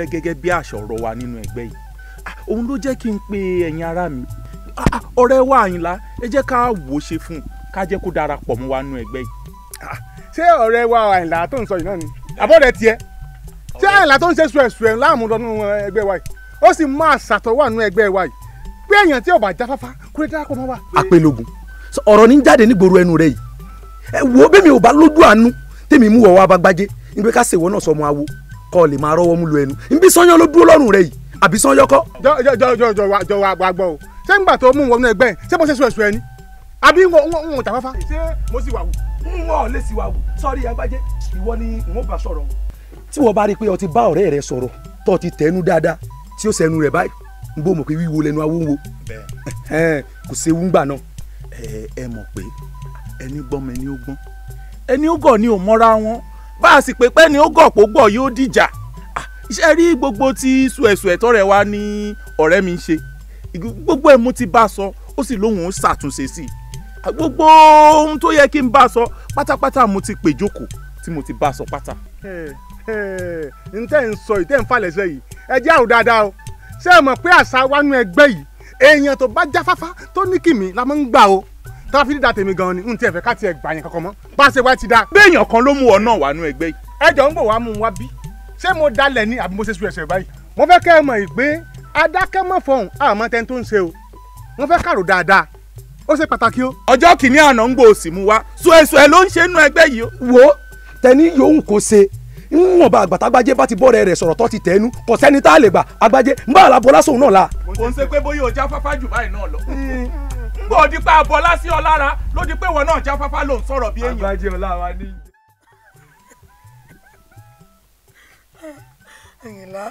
jẹ́ gẹ́gẹ́ bí àṣà ọ̀rọ̀ wa nínú ẹgbẹ́ yìí òun ló jẹ́ kí n pe ẹ̀yin ara mi ah, ah, ọ̀rẹ́ wa àyìnlá ẹ jẹ́ ká wò ó ṣe fún ká jẹ́ kó darapọ̀ mọ́ wa nú ẹgbẹ́ yìí. Ah, ṣé ọ̀rẹ́ wa àyìnlá tó ń sọ yìí náà ni àbọ̀dẹ̀ tiẹ̀ ṣé àyìnlá tó ń ṣe ẹgbẹ́ wa yìí wa yìí pé èèyàn tí ò bá jáfáfá kúrẹ́ darapọ̀ mọ́ wa. àpèlógún ọ̀rọ̀ ní jáde nígboro ẹnu rẹ yìí ẹ wo ò bá lójú àánú mú bá gbájé nígbẹ́ ká ṣèwọ́ náà ẹnu nbí rẹ yìí àbí sàn yọkọ. jọ jọ jọ jọ jọ wà gbọ́ o ṣé ń gbà tó mú wọn ẹgbẹ́ ṣé mo ṣe sùn ẹ̀sùn ẹ̀ ni àbí n ò tàfáfá. ṣé mo sì wà wù. n ò lè sì wà wù sọ́ọ́rí agbájé ìwọ ni n ò bá sọ̀rọ̀. tí wọ́n bá rí i pé o ti bá ọ̀rẹ́ rẹ sọ̀rọ̀ tó ti tẹnu dáadáa tí ó sẹnu rẹ̀ báyìí n bó mọ̀ pé wíwo lẹnu awó ń wo kò séwu ń gbà náà ẹ mọ̀ pé ẹni gbọ́n mi ni ó gbọ́n ẹni ó gọ̀ ni ò mọ́ra wọn bá a sì pé pẹ́ni ó gọ̀ pó gbọ̀ yóò dìjà ṣe rí gbogbo tí sùẹ̀sùẹ̀ tọ̀rẹ́ wa ní ọ̀rẹ́ mi ń ṣe gbogbo ẹ̀ mo ti bá a sọ ó sì lóun ó ṣàtúnṣe sí i gbogbo ohun tó yẹ kí n bá a sọ pátápátá mo ti pè jókòó tí mo ti bá a sọ pátá. n tẹ́ ń sọ ìtẹ́ ń falẹ̀ sọ ẹ jẹ́ àrò dáadáa o ṣé ẹ mọ̀ pé àṣà wa ẹgbẹ́ yìí èèyàn tó bá jáfáfá tó ní kìmí la máa ń gbà o tá a fi dídá tèmi gan ni n tiẹ̀ fẹ́ ká tiẹ̀ gbà yẹn kankan mọ́ bá a ṣe wá ti dá. béèyàn kan ló mú ọ náà wà ẹgbẹ́ yìí. ẹ jọ ń bọ̀ wá mú un wá bí ṣé mo dalẹ̀ ni àbí mo ṣe sùn ẹsẹ̀ báyìí. wọ́n fẹ́ kẹ́ ẹ mọ̀ ìgbé adákẹ́mọ̀ fọ̀hún àmọ́ tẹ́ni tó ń ṣe o wọ́n fẹ́ kàrò dáadáa ó ṣe pàtàkì o. ọjọ́ kìíní àná ń gbòòsì mu wa sùẹ̀sù ẹ̀ ló ń ṣe nínú ẹgbẹ́ yìí. wo tẹni yòówù kò ṣe níwọ̀n bá àgbàtàgbàjẹ́ bá ti bọ́ọ̀rẹ́ rẹ̀ sọ̀rọ̀ tó ti tẹnu kò sẹ́ni tá a lè gbà àgbàjẹ́ ń bá àlàbọ̀ lásòun náà la. kò ń ṣe pé bóyá o já fáfá jù báyìí náà lọ. ń bọ̀ ọ́ dípa àbọ̀ lásìọ́ lára ló di pé ìwọ náà já fáfá ló sọ̀rọ̀ bí èèyàn. àgbàjẹ́ ọ̀la wa ní Àyìnlá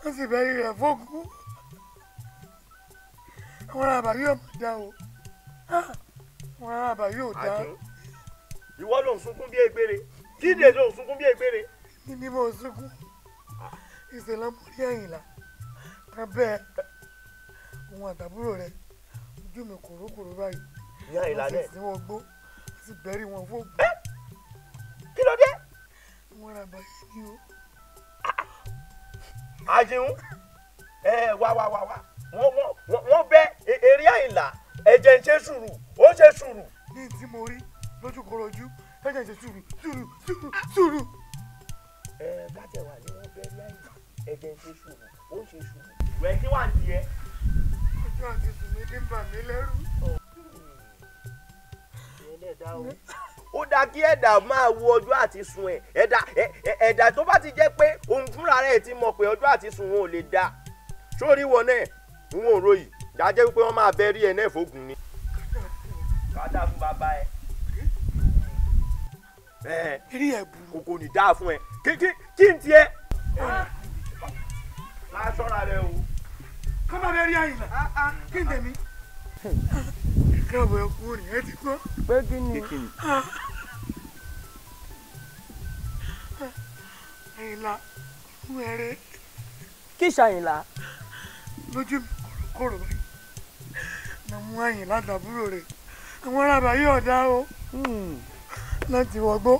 wọ́n sì bẹ́ẹ̀ rẹ̀ fóògùn àwọn àbáyé ò máa dá o àwọn àbáyé ò dá. ìwọ ló ń sunkún bí egbére kí ni èso ń sunkún bí egbére. mi ni mo sunkún ìṣẹ̀lẹ̀ mọ́rí Àyìnlá ká bẹ́ẹ̀ òun àtàbúrò rẹ̀ ojú mi kòrókòró báyìí ìyá ìlànà ẹ̀ wọ́n gbó wọ́n sì bẹ́ẹ̀rì wọn fóògùn. kí ló dé. àwọn àbáyé ni o àjẹun ẹ wá wá wá wá wọ́n wọ́n wọ́n bẹ́ e, eré àìlà ẹ̀jẹ̀ ń ṣe sùúrù ó ṣe sùúrù. ní tí mo rí lójúkorojú ẹ̀jẹ̀ ń ṣe sùúrù sùúrù sùúrù sùúrù. ẹ kátẹ̀wá ni wọ́n bẹ́ eré àìlà ẹ̀jẹ̀ ń ṣe sùúrù ó ṣe sùúrù. ìwé kí wàá di ẹ. ojú àti sùnmí ní bàmí lẹ́rù. ìyẹn hmm. lè o ó dáa kí ẹ̀dá máa wo ọjọ́ àti sùn ẹ̀ ẹ̀dá ẹ̀dá tó bá ti jẹ́ pé òun fúnra rẹ̀ ti mọ̀ pé ọjọ́ àti sùn wọn ò lè dáa sórí wọn náà n ò ròyì dájẹ́ wípé wọ́n máa bẹ́rí ẹ̀ náà fògùn ni. kàdá fún bàbá ẹ. ẹ ẹ kòkò ní dáa fún ẹ kí kí n tiẹ̀. máa rẹ o. kọ́ máa bẹ rí àyìnlá ah, ah. kí n tẹ̀mí. ìkàwé ọkùnrin ẹ ti kọ́. pé kí ni. Ah. àyìnlá wẹrẹ. kí ṣàyìnlá. lójú mi kòròkòrò báyìí na mú àyìnlá àtàbúrò rẹ̀ àwọn arábà yìí ọ̀dá o hmm. láti wọgbó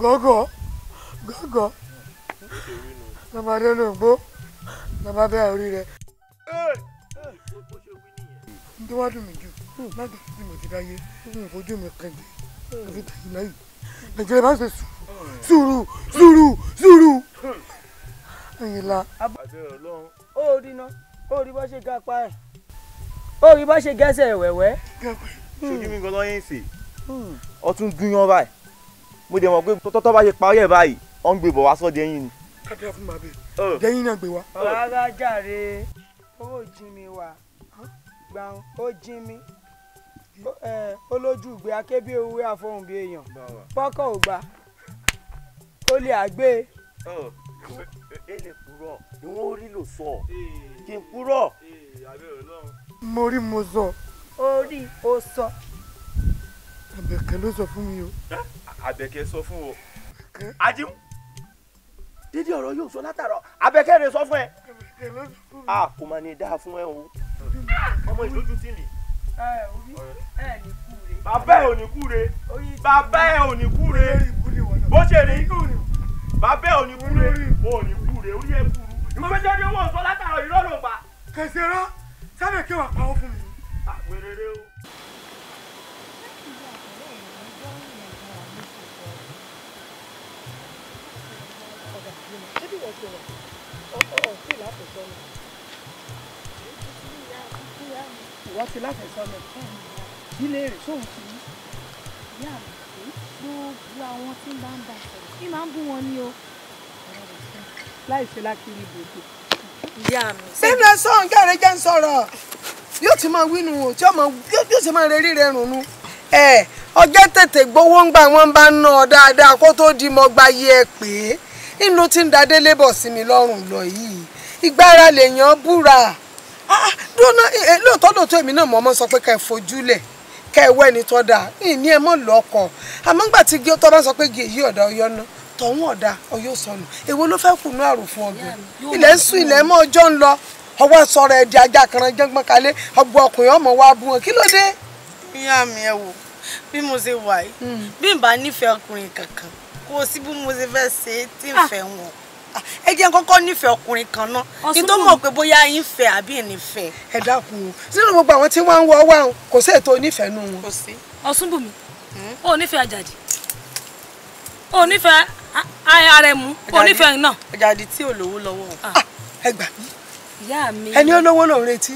gọ́gọ́ gọ́gọ́ lọ́mọdé ló ń gbó lọ́mọ bẹ́ẹ̀ orí rẹ̀. n tó wá dùn mí jù hmm. láti fi tí mo ti dáyé n hmm. ò fojú mi kẹ̀kẹ́ àfi tàyè láyè nàìjíríà bá ṣe sùn sùúrù sùúrù sùúrù. Àyìnlá. ó rí iná ó rí bá ṣe ga pa ẹ̀ ó rí bá ṣe gẹ́sẹ̀ wẹ̀wẹ́. ṣojú mi gan lọ́yìn sí ọ hmm. tún gúnyán báyìí mo dẹ̀ mọ̀ pé tọ́tọ́ bá ṣe parí ẹ̀ báyìí ọ ń gbé bọ̀ wá sọ́ọ́ dẹ́yìn ni. kádà fún bàbá yìí dẹ́yìn náà gbé wá. rárá jàre owó jí mi wà gbàùn ó jí mi olójú ìgbé akébí owó àfọ̀hùn bí èèyàn pọ́kọ̀ ò gbà ó lè àgbẹ̀. èlé purọ́ ni wọ́n rí lò sọ kí n purọ́. mo rí mo sọ. ó rí o sọ. àbẹ̀kẹ́ ló sọ fún mi o. àbẹ̀kẹ́ sọ fún o. ají dídí ọ̀rọ̀ yóò sọ látàrọ̀ àbẹ̀kẹ́ rẹ̀ sọ fún ẹ. a ah, kò mà ní dáa fún ẹ o ọmọ ìlójú tí nì. ẹ ẹ ní bàbá ẹ ò ní kúre bàbá ẹ ò ní kúre bó ṣe ní bàbá ẹ ò ní kúre ò ní kúre orí ẹ kúru ìwé méjì ni owó sọ látàrọ irọ́ ló pa. kẹsì rán sáré kí wàá pa ó fún mi. àpèrèrè ah, o. wọ́n ti láfẹ̀ẹ́ sọ́nà. ìdílé rẹ̀ sóhun ti ìyá gbogbo àwọn tí ń bá ń bá sọ̀rọ̀ kí máa ń bú wọn ní o lákìrí sọ̀rọ̀ rẹ jẹ́ ń sọ̀rọ̀ yóò ti máa wínú o tí yóò ti máa rerí rẹ ọjọ́ tètè gbowó ń gbà wọ́n bá ná ọ dáadáa kó tó di mọ́ gba pé inú ti ń da délé bọ̀ sí lọ́rùn lọ yìí ìgbára kẹwẹ́ ni tọ́ da ìní ẹ ụlọ ọkọ àmọ́ ńgbà tí tọ́ bá sọ pé èyí da ọyọ́ ná ọda ọ̀dà ọyọ́ sọnù èwo ló fẹ́ kùnú àrùn fún ọgbìn ilẹ̀ ń sùn ilẹ̀ mọ́ ọjọ́ ń lọ ọwọ́ sọ̀rọ̀ ẹ̀dì ajá kan ọgbọ ọkùnrin ọmọ wa bú wọn kí ló bí mo ṣe wà yìí hmm. bí n bá nífẹ̀ẹ́ ọkùnrin bí mo ṣe fẹ́ ṣe tí n ah. ẹ jẹ́ kọ́kọ́ nífẹ̀ẹ́ ọkùnrin kan náà kí n tó mọ̀ pé bóyá yín fẹ́ àbí ìnífẹ̀ẹ́. ẹ dákun o sínú gbogbo àwọn tí wọ́n ń wọ wá o kò sí ètò onífẹ̀ẹ́ nù wọn. Ọ̀ṣunbùnmi hmm? o ò nífẹ̀ẹ́ Àjàdí o ò nífẹ̀ẹ́ Àrẹ̀mú o ò nífẹ̀ẹ́ náà. Àjàdí tí ò lówó lọ́wọ́ o. Ah. Ah, ẹ gbà mí ẹni olówó lòún retí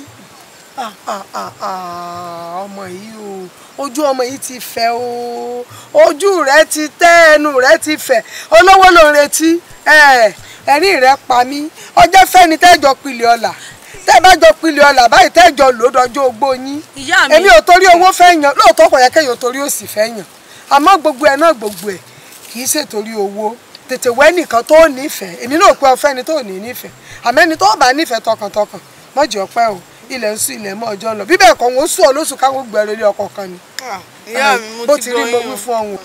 ah, ọmọ yìí o ojú ọmọ yìí ti fẹ o ojú rẹ ti tẹ ẹnu rẹ ti fẹ olówó lòún retí ẹ. Eh ẹ̀rín rẹ̀ pa mí ọjọ́ fẹ́ni tẹ́jọ pilẹ̀ ọ̀la tẹ́ bá jọ pilẹ̀ ọ̀la báyìí tẹ́jọ lò dọjọ́ ogbó yín èmi ò torí owó fẹ́yàn lóòótọ́ kò yẹ kéèyàn torí òsì fẹ́yàn àmọ́ gbogbo ẹ̀ náà gbogbo ẹ̀ kì í ṣètòrí owó tètè wẹ́ nìkan tó nífẹ̀ẹ́ èmi náà pé ọfẹ́ni tó ní nífẹ̀ẹ́ àmẹ́ni tó bá nífẹ̀ẹ́ tọkàntọkàn mọ́jì ọpẹ́ o ilẹ̀ ń sún ilẹ̀ mọ́ ọjọ́ lọ bíbẹ̀ kọ́ wọn ó sùn ọ káwọn gbẹ̀rẹ̀ ilé ọkọ̀ kan ni ah, ah, bó ti rí mo wí fún ọ wọn.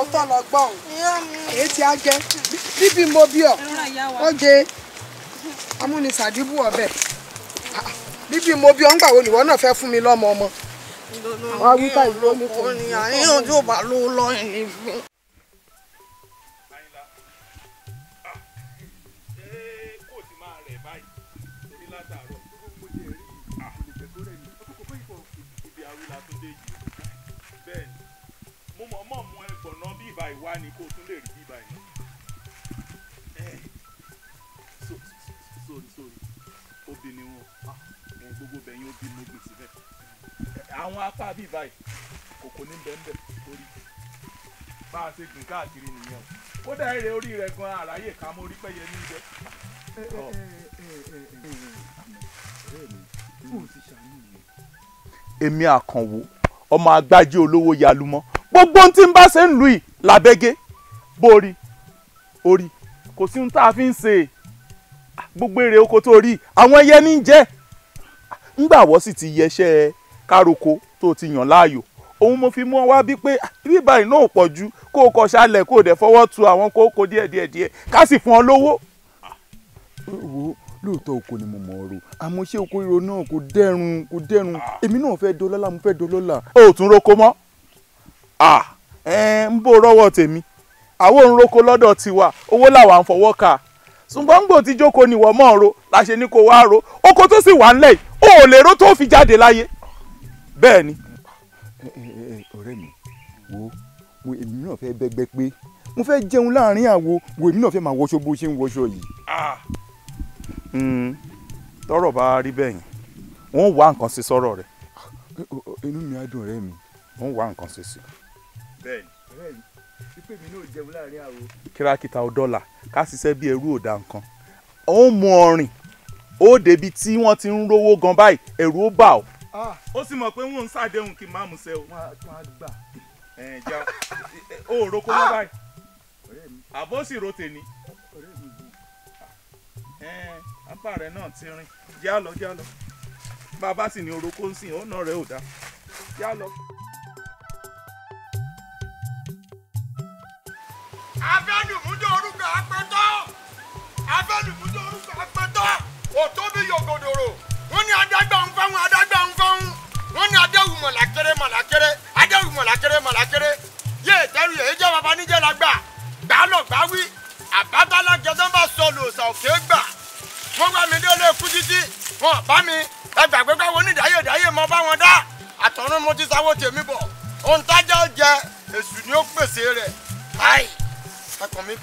ọtọ lọ gbọ̀n èyí tí a jẹ bíbí mo bí ọ ó amúnisàdíbù ọbẹ̀ bíbí ah, mo bí ọ ń gbà wo nìwọ náà fún mi lọ́mọ àwọn apá bíi báyìí kòkó ní bẹ́ńbẹ́ lórí bá a ṣe gbìn káàkiri nìyẹn o ó dá èrè orí rẹ̀ gan àráyè ká mo rí pẹ́yẹ ní ibẹ̀. èmi àkànwò ọmọ agbájé olówó yalumọ gbogbo ohun tí n bá ṣe ń lù yìí làbẹ́gẹ́ bórí orí kò sí ohun tá a fi ń ṣe gbogbo èrè oko tó rí àwọn ẹyẹ ní jẹ ńgbà sì ti yẹsẹ́ ẹ károko tó ti yàn láàyò òun mo fi mú ọ wá bí pé ah, ibi báyìí náà pọ̀ ju kó o kọ ṣálẹ̀ kó o dẹ̀ fọwọ́ tu àwọn kókó díẹ̀ díẹ̀ díẹ̀ ká sì fún ọ lówó. Ah, wo lóòótọ́ oko ni mo mọ̀ ọ́ ro àmọ́ ṣé oko ríro náà kò dẹ́rùn kò dẹ́rùn èmi náà fẹ́ dolọ́lá mo fẹ́ dolọ́lá. o ò tún roko mọ́ ń ah, bò rọ́wọ́ tèmi àwọn òun roko lọ́dọ̀ tiwa owó làwa ń fọwọ́ kà ṣùgbọ́n gbòó tí jókòó ni wọ́n mọ̀ ọ́ ro la ṣe ní kó wá ro oko tó sì wà ńlẹ̀ yìí o ò lè ro tó fi jáde láyé bẹ́ẹ̀ ni. ọ̀rẹ́ mi wo wo èmi náà fẹ́ bẹ́gbẹ́ pé mo fẹ́ jẹun láàrin àwo wo èmi náà fẹ́ máa wọṣọ bó ṣe ń wọṣọ yìí. Hmm, tọ́rọ̀ bá rí bẹ́yìn wọ́n wá nǹkan sí sọ́rọ̀ rẹ̀. inú mi á dùn ọ̀rẹ́ mi wọ́n wá nǹkan sí sí. bẹ́ẹ̀ni bẹ́ẹ̀ni pípé mi náà jẹun láàrin àwo. kírákítà ọdọ́là ká ṣiṣẹ́ bí ẹrú ò dá nǹkan ó mú ọrìn ó débi tí wọ́n ti ń rówó gan báyìí ẹ̀rù ó bà ọ́ ó sì mọ̀ pé wọ́n ń ṣàdéhùn kí máa mú sẹ́ o. wọ́n á gbà. ẹ jà o roko mọ́ báyìí àbó sì ro tèmi. apá rẹ̀ náà ti rìn já lọ já lọ bàbá sì ní oroko ń sìn ọ̀nà rẹ̀ ò dáa já lọ. abẹ́numúdó orúkọ apẹ́tọ́ abẹ́numúdó orúkọ apẹ́tọ́ òtóbi yògòdòrò wọ́n ní adágbà ń fáwọn adágbà ń fáwọn wọ́n ní adéwù mọ̀lákéré mọ̀lákéré adéwù mọ̀lákéré mọ̀lákéré yéè tẹ́rù yèé jẹ́ bàbá níjẹ́ la gbà gbà lọ gbà wí àbábálá jẹjọ́ bá sọlù òsà òkè gbà wọ́n gbà mí délé kú títí wọn bá mi ẹgbà gbẹgbẹ wo ní ìdáyé ìdáyé mọ bá wọn dá àtọ̀run mo ti sáwọ́ tèmi bọ̀ ohun tájà jẹ èṣù ni ó pèsè rẹ̀ báyìí ẹkùn mi.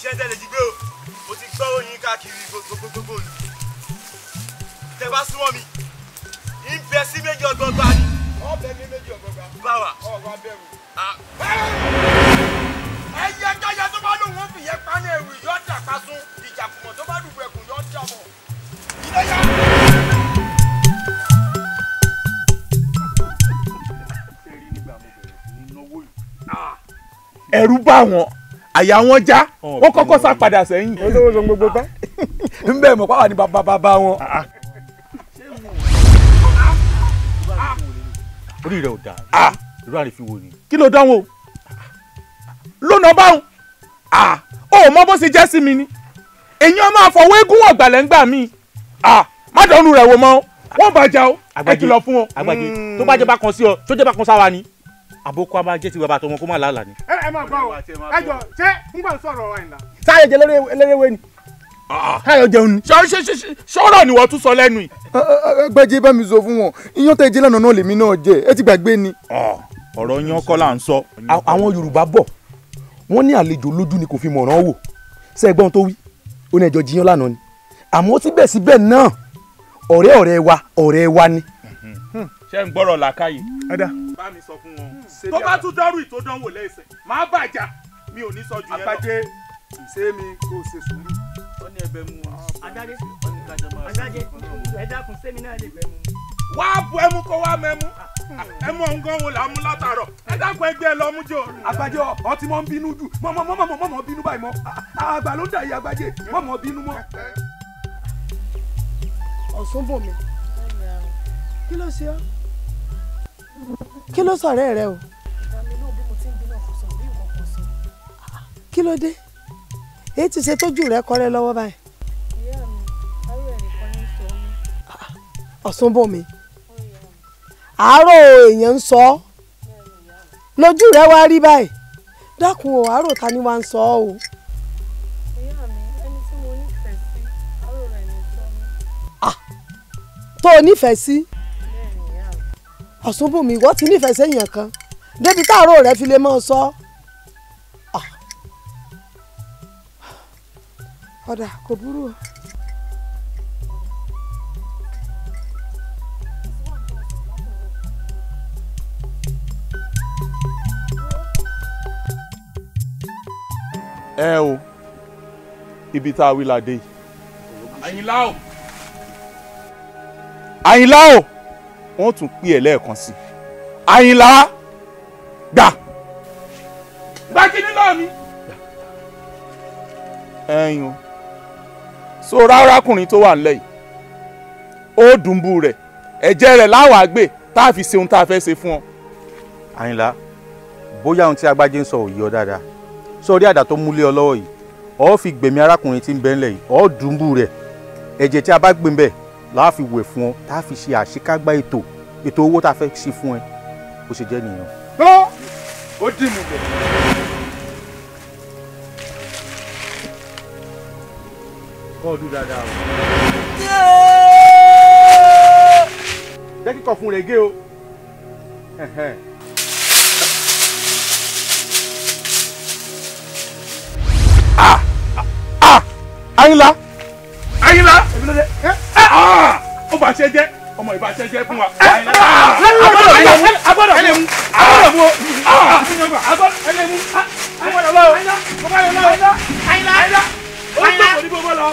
iṣẹ́ tẹ́lẹ̀ jí gbé o mo ti gbọ́ oyin káàkiri gbogbogbò lù tẹ bá súnmọ́ mi ń bẹ sí méjì ọgbọgba ni. wọ́n bẹ ní méjì ọgbọgba. báwa ọgbà bẹ̀rù. ẹyẹ jẹjẹ tó bá lóun fìyẹ paná ẹrù yọ ọjà pasún ìjàkùmọ̀ tó bá dùgbò ẹkùn yọ ọjà bọ̀. ilé yà. bá wọn àyà wọn já wọn kọ́kọ́ sá padà sẹ́yìn. olówó sọ gbogbo bá. n bẹ́ẹ̀ mọ̀ pàwọn ni bàbá bàbá wọn. Ah, ah. orí rẹ̀ ò dáa ah. irú àrífín wo ni. kí ló dánwò lónà báwọn ó mọ bó ṣe jẹ́ sí mi ni èyàn máa fọwọ́ eégún ọ̀gbàlẹ̀ ń gbà mí má dánú rẹ̀ wò mọ́ wọ́n bàjá o ẹ kìlọ̀ fún ọ. àgbàjì hmm. tó bá jẹ́ bá kan sí ọ tó jẹ́ bá kan sáwa ni àbókù a máa jẹ́ ti bàbá àtọmọ kó má làálàá ni. ẹ ẹ máa gbọ́ o ẹ jọ ṣé ń gbà ń sọ̀rọ̀ àyìnlá. sáyẹ jẹ lérewé ni káyọ̀ ah, ah. jẹun ni. ṣọ́ọ̀rọ̀ ni wọ́n tún sọ lẹ́nu yìí. gbẹ́jẹ́ bá mi sọ fún wọn iyán tẹ́ jẹ́ lánàá náà lèmi náà jẹ ẹ ti gbàgbé ni. Ah, ọ̀rọ̀ yan kọ́ là ń sọ. àwọn yorùbá bọ̀ wọ́n ní àlejò lójú ni kò fi mọ̀ràn wò sẹ́gbọ́n tó wí ó ní ẹjọ́ jiyàn lánàá ni àmọ́ síbẹ̀síbẹ̀ náà ọ̀rẹ́ ọ̀rẹ́ wa ọ̀rẹ́ wa ni ṣé ń gbọ́rọ̀ làákàyè. bá mi sọ fún wọn. tó bá tún dọ́rù ìtòdánwò lẹ́sẹ̀ máa bàjá mi ò ní sọ ju yẹn lọ. àgbàjẹ ṣé mi kò ṣe sùúrù. ó ní ẹ̀bẹ̀ mu adájẹ adájẹ ẹ dákun sẹmi náà lè bẹ mu. wá bu ẹmu kó wá mẹmu ẹmu ọ̀hún wo là mú látàárọ̀ ẹ dákun ẹgbẹ́ ẹ lọ mú jò. àgbàjẹ ọtí mọ ń bínú jù mọmọmọmọmọ bínú báyìí mọ àgbà ló ń dà yí àgbàjẹ mọmọ bínú mọ. ọ̀sùn bò mí kí ló ṣe ọ́ kí ló sọ̀rẹ́ rẹ o. kí ló dé èyí ti ṣe tójú rẹ kọ́rẹ́ lọ́wọ́ báyìí. ọ̀sùn bòmí àárò èèyàn ń sọ ọ́ lójú rẹ wá rí báyìí dákun o àárò ta ni wàá ń sọ ọ́ o. Ah, tó o nífẹ̀ẹ́ sí ọ̀ṣunbùnmi ìwọ ti nífẹ̀ẹ́ sẹ́yìn kan débi táàrọ̀ rẹ fi lè mọ́ ọ sọ. Ah. ọ̀dà kò burú o. ẹ o ibi tá a wí la dé. àyìnlá o. àyìnlá o wọ́n tún pè ẹ́ lẹ́ẹ̀kan sí i. àyìnlá gbà. gbà kíní náà ni. ẹyin o so rárákùnrin tó wà nílẹ̀ yìí ó dùnbù rẹ̀ ẹ̀jẹ̀ rẹ̀ láwàá gbé tá a fi ṣe ohun tá a fẹ́ ṣe fún ọ. àyìnlá bóyá ohun tí agbájé ń sọ ò yí ọ dáadáa sórí àdá tó múlé ọ lọ́wọ́ yìí ọ fi gbẹ̀mí arákùnrin tí ń bẹ yìí ọ dùnbù rẹ̀ ẹ̀jẹ̀ tí a bá gbé ń láà fi wẹ̀ fún ọ tá a fi ṣe àṣekágbá ètò ètò owó tá a fẹ́ ṣe fún ẹ bó ṣe jẹ́ nìyẹn. tó ó dì mí bẹ̀. kọ́ọ̀dù dáadáa o. jẹ́ kíkọ fún rẹ̀ gé o. Ah! Ah! Ah! Ayinla. Ayinla. Ebi ló dé ó bá ṣe jẹ́ ọmọ ìbá ṣe jẹ́ fún wa. agbọ́dọ̀ mú agbọ́dọ̀ mú agbọ́dọ̀ mú agbọ́dọ̀ mú agbọ́dọ̀ mú agbọ́dọ̀ mú ayila ayila ó sọ̀fọ̀ ní bó bá lọ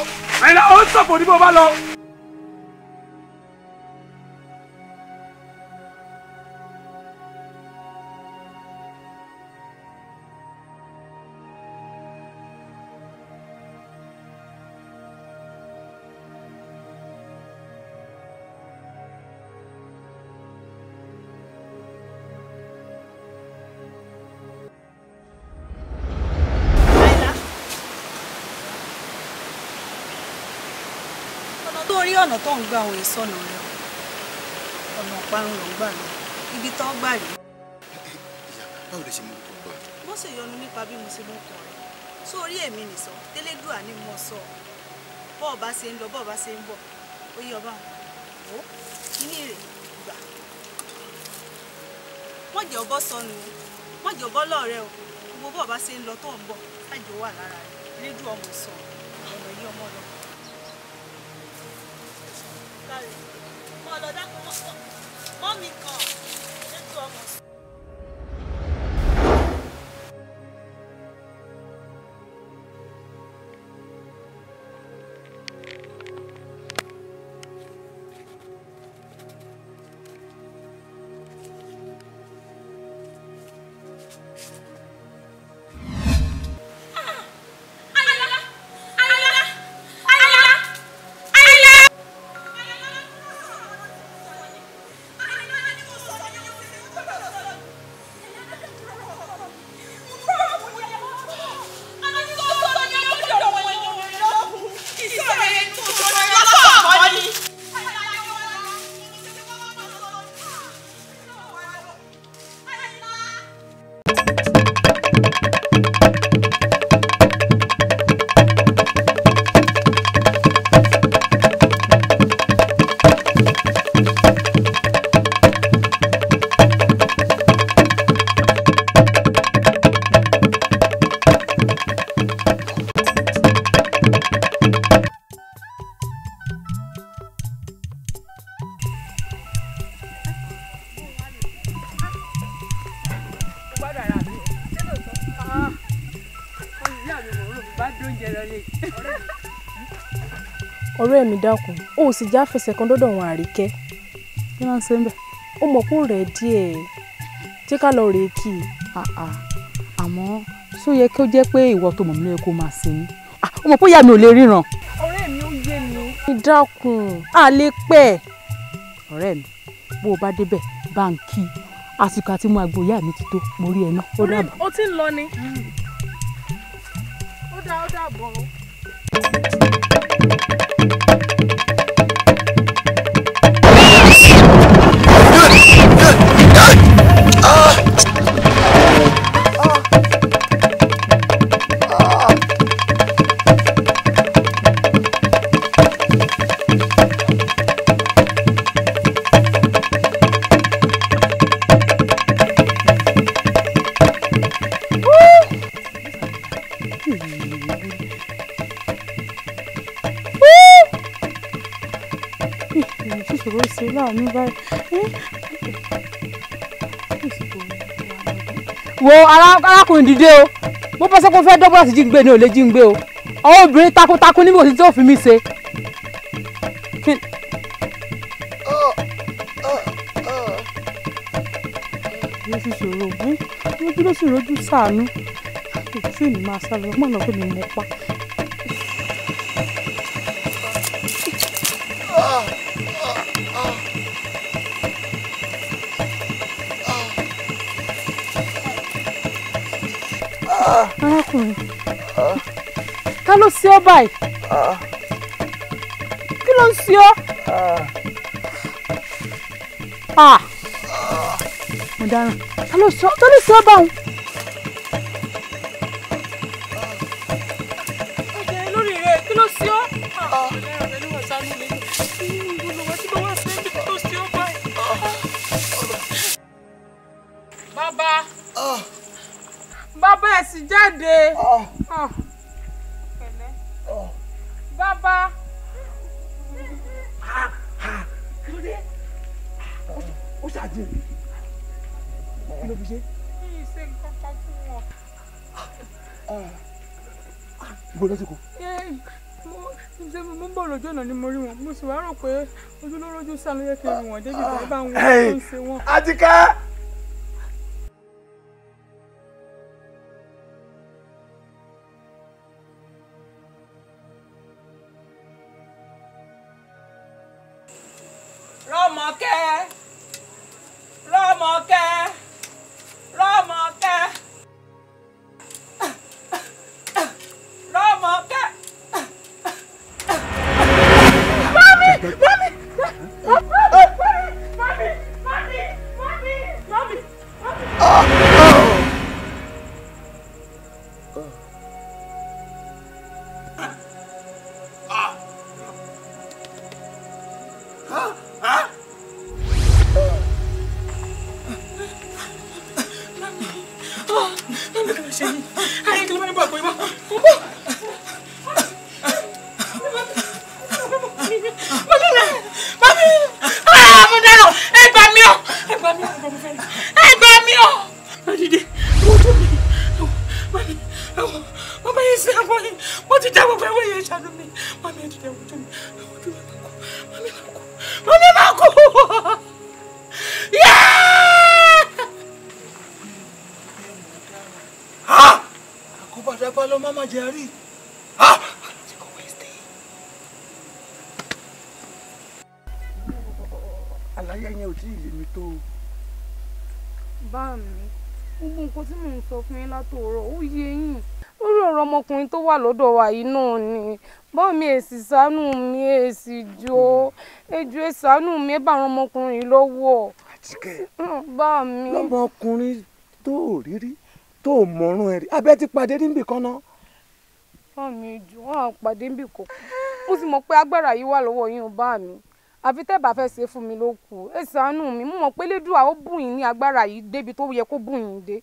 ayila ó sọ̀fọ̀ ní bó bá lọ. ọ̀nà tó ń gbà òun ìsọ̀nà rẹ ọ̀nà ọ̀parun ló ń gbà lọ ibi tó ń gbà yìí. ìyá báwo lè ṣe mú tó gbà. mo sì yọnu nípa bí mo ṣe mú kàn rẹ sórí èmi nìsọ tẹlẹdùà ni mo sọ bọ́ọ̀ bá ṣe ń lọ bọ́ọ̀ bá ṣe ń bọ̀ ó yẹ ọba wò ó kíní rè gbà wọ́n jẹ́ ọbọ̀ sọnù wọ́n jẹ́ ọbọ̀ lọ́ọ̀rẹ́ o gbogbo bọ́ọ̀ bá ṣe ń lọ tó ń bọ̀ láìjọ wà lára rẹ̀ lédùn ọmọ sọ ọ̀rọ̀ yìí ọmọ lọ́kọ̀ mọ́ ọ̀dọ̀ dákun mọ́ mi kàn ètò ọmọ sí. mi dákun o ò sì já fẹsẹ̀ kan dọ́dọ̀ wọn àríkẹ́. kí ló ń ṣe ń bẹ̀. ó mọ̀ kó rẹ̀ díẹ̀ jẹ́ ká lọ rèé kì í. àmọ́ ṣó yẹ kó jẹ́ pé ìwọ tó mọ̀ mí lóye kó máa ṣe ni ó mọ̀ pé ìyá mi ò lè ríran. ọ̀rẹ́ mi ó yé mi. ìdákun a lè pẹ́. ọ̀rẹ́ mi bó o bá débẹ̀ báńkì àsìkò àti mú agbo ìyá mi ti tó mo rí ẹ náà ó dàbọ̀. ó ti ń lọ ni ó dá ó dàbọ̀ o. wo arákùnrin dìde o mo fẹ́ sọ pé fẹ́ dọ́gbọ́n láti jí gbé ni ò lè jí gbé o ọwọ́ obìnrin takuntakun níbi òsì tí ó fi mí ṣe. mo ti ṣòro ògún mo dúró sí ìrojú sàánú òtún ìní máa sá lọ mọ̀nà pé mi mọ̀ pa. Ah! dákun ká ló ṣe ọ́ báyìí kí ló ń ṣe ọ́ ah! Ah! mo dáràn ká ló ṣe ọ́ báyìí. Go. látòrò ó yé yín lórí ọ̀rọ̀ ọmọkùnrin tó wà lọ́dọ̀ wa yìí náà ni bọ́ọ̀ èsì ṣàánú mi èsì jọ ejò ṣàánú mi bá àwọn ọmọkùnrin lọ́wọ́. àtìkẹ́ lọ́mọkùnrin tó ò rírí tó ò mọ̀rún ẹ̀ rí abẹ́ ti pàdé níbì kan náà. bọ́ọ̀ mi jù wọ́n pàdé níbì kan mo sì mọ̀ pé agbára yìí wà lọ́wọ́ yín bá mi àfi tẹ́ fẹ́ ṣe fún mi ló kù ẹ ṣàánú mi mo mọ̀ pé Elédùà ó bùn yín ní agbára yìí débi tó yẹ kó bùn yín dé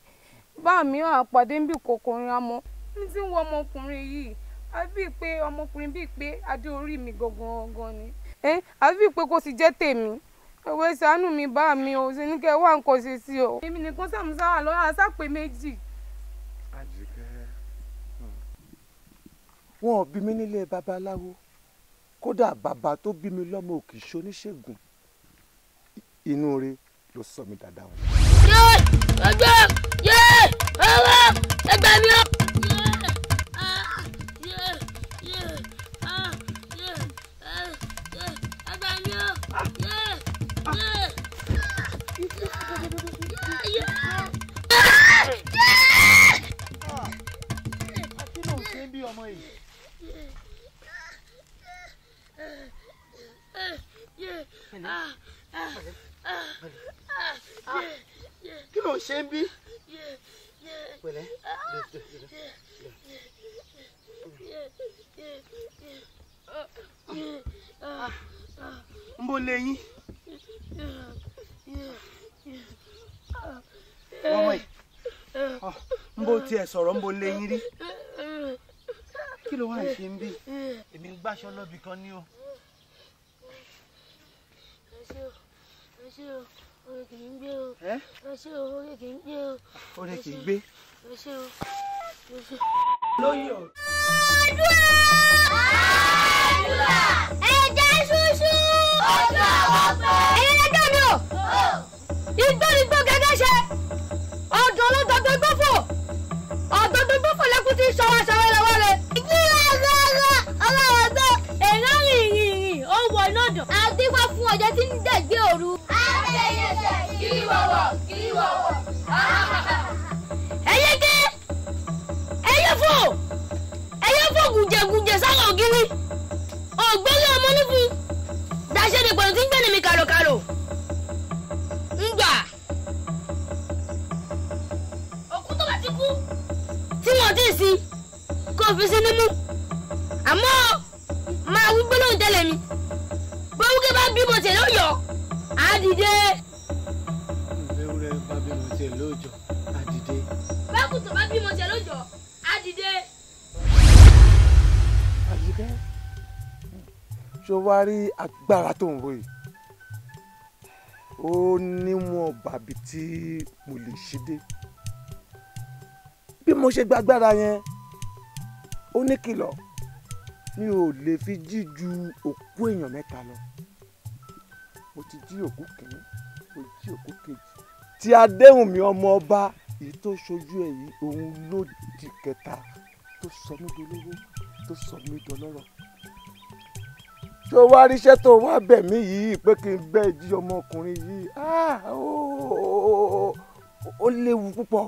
bá mi hàn àpàdé ń bí kòkòrin amọ ní tí ń wọ ọmọkùnrin yìí àbí pé ọmọkùnrin bíi pé adé orí mi gangan gan ni àbí pé kò sì jẹ́ tèmi òwe ṣàánú mi bá mi ò ṣe ní kẹ wá nǹkan ṣe sí o. èmi nìkan sàmúsà wà lọ́wọ́ àṣàpè méjì. àjùkẹ́ wọn ò bí mi nílé babaláwo kódà bàbá tó bí mi lọ́mọ òkè ṣoníṣègùn inú rẹ̀ ló sọ mi dáadáa Yeah, yé ẹwà ẹgbẹ́ ni ó. sọ̀rọ̀ ń bo lé rí kí ló wá ṣe ń bí èmi ń gbáṣọ lọ́bì kan ní o. orí kì í gbé o kì í gbé. lóyún. òfin sí ní mú àmọ́ máa wí gbólóhùn tẹ́lẹ̀ mi bó wúkẹ́ bá bímọ tẹ̀ lóyọ̀ á dìde. ìbéwúrẹ́ bá bímọ tẹ̀ lójọ́ á dìde. bákùtà bá bímọ tẹ̀ lójọ́ á dìde. àdìgẹ́ ṣó wá rí agbára tó ń wòye ó níwọ̀n bàbí tí mo lè ṣe dé bí mo ṣe gbàgbára yẹn ó ní kìlọ̀ mi ò lè fi jí ju òkú èèyàn mẹ́ta lọ mo ti jí òkú kìíní mo jí òkú kejì tí adéhùn mi ọmọ ọba èyí tó ṣojú ẹ yìí òun ló di kẹta tó sọ mí dolówó tó sọ mí dọlọ́rọ̀ tó wá ríṣẹ́ tó wá bẹ̀ mí yìí pé kí n bẹ́ jí ọmọkùnrin yìí ah, ó léwu púpọ̀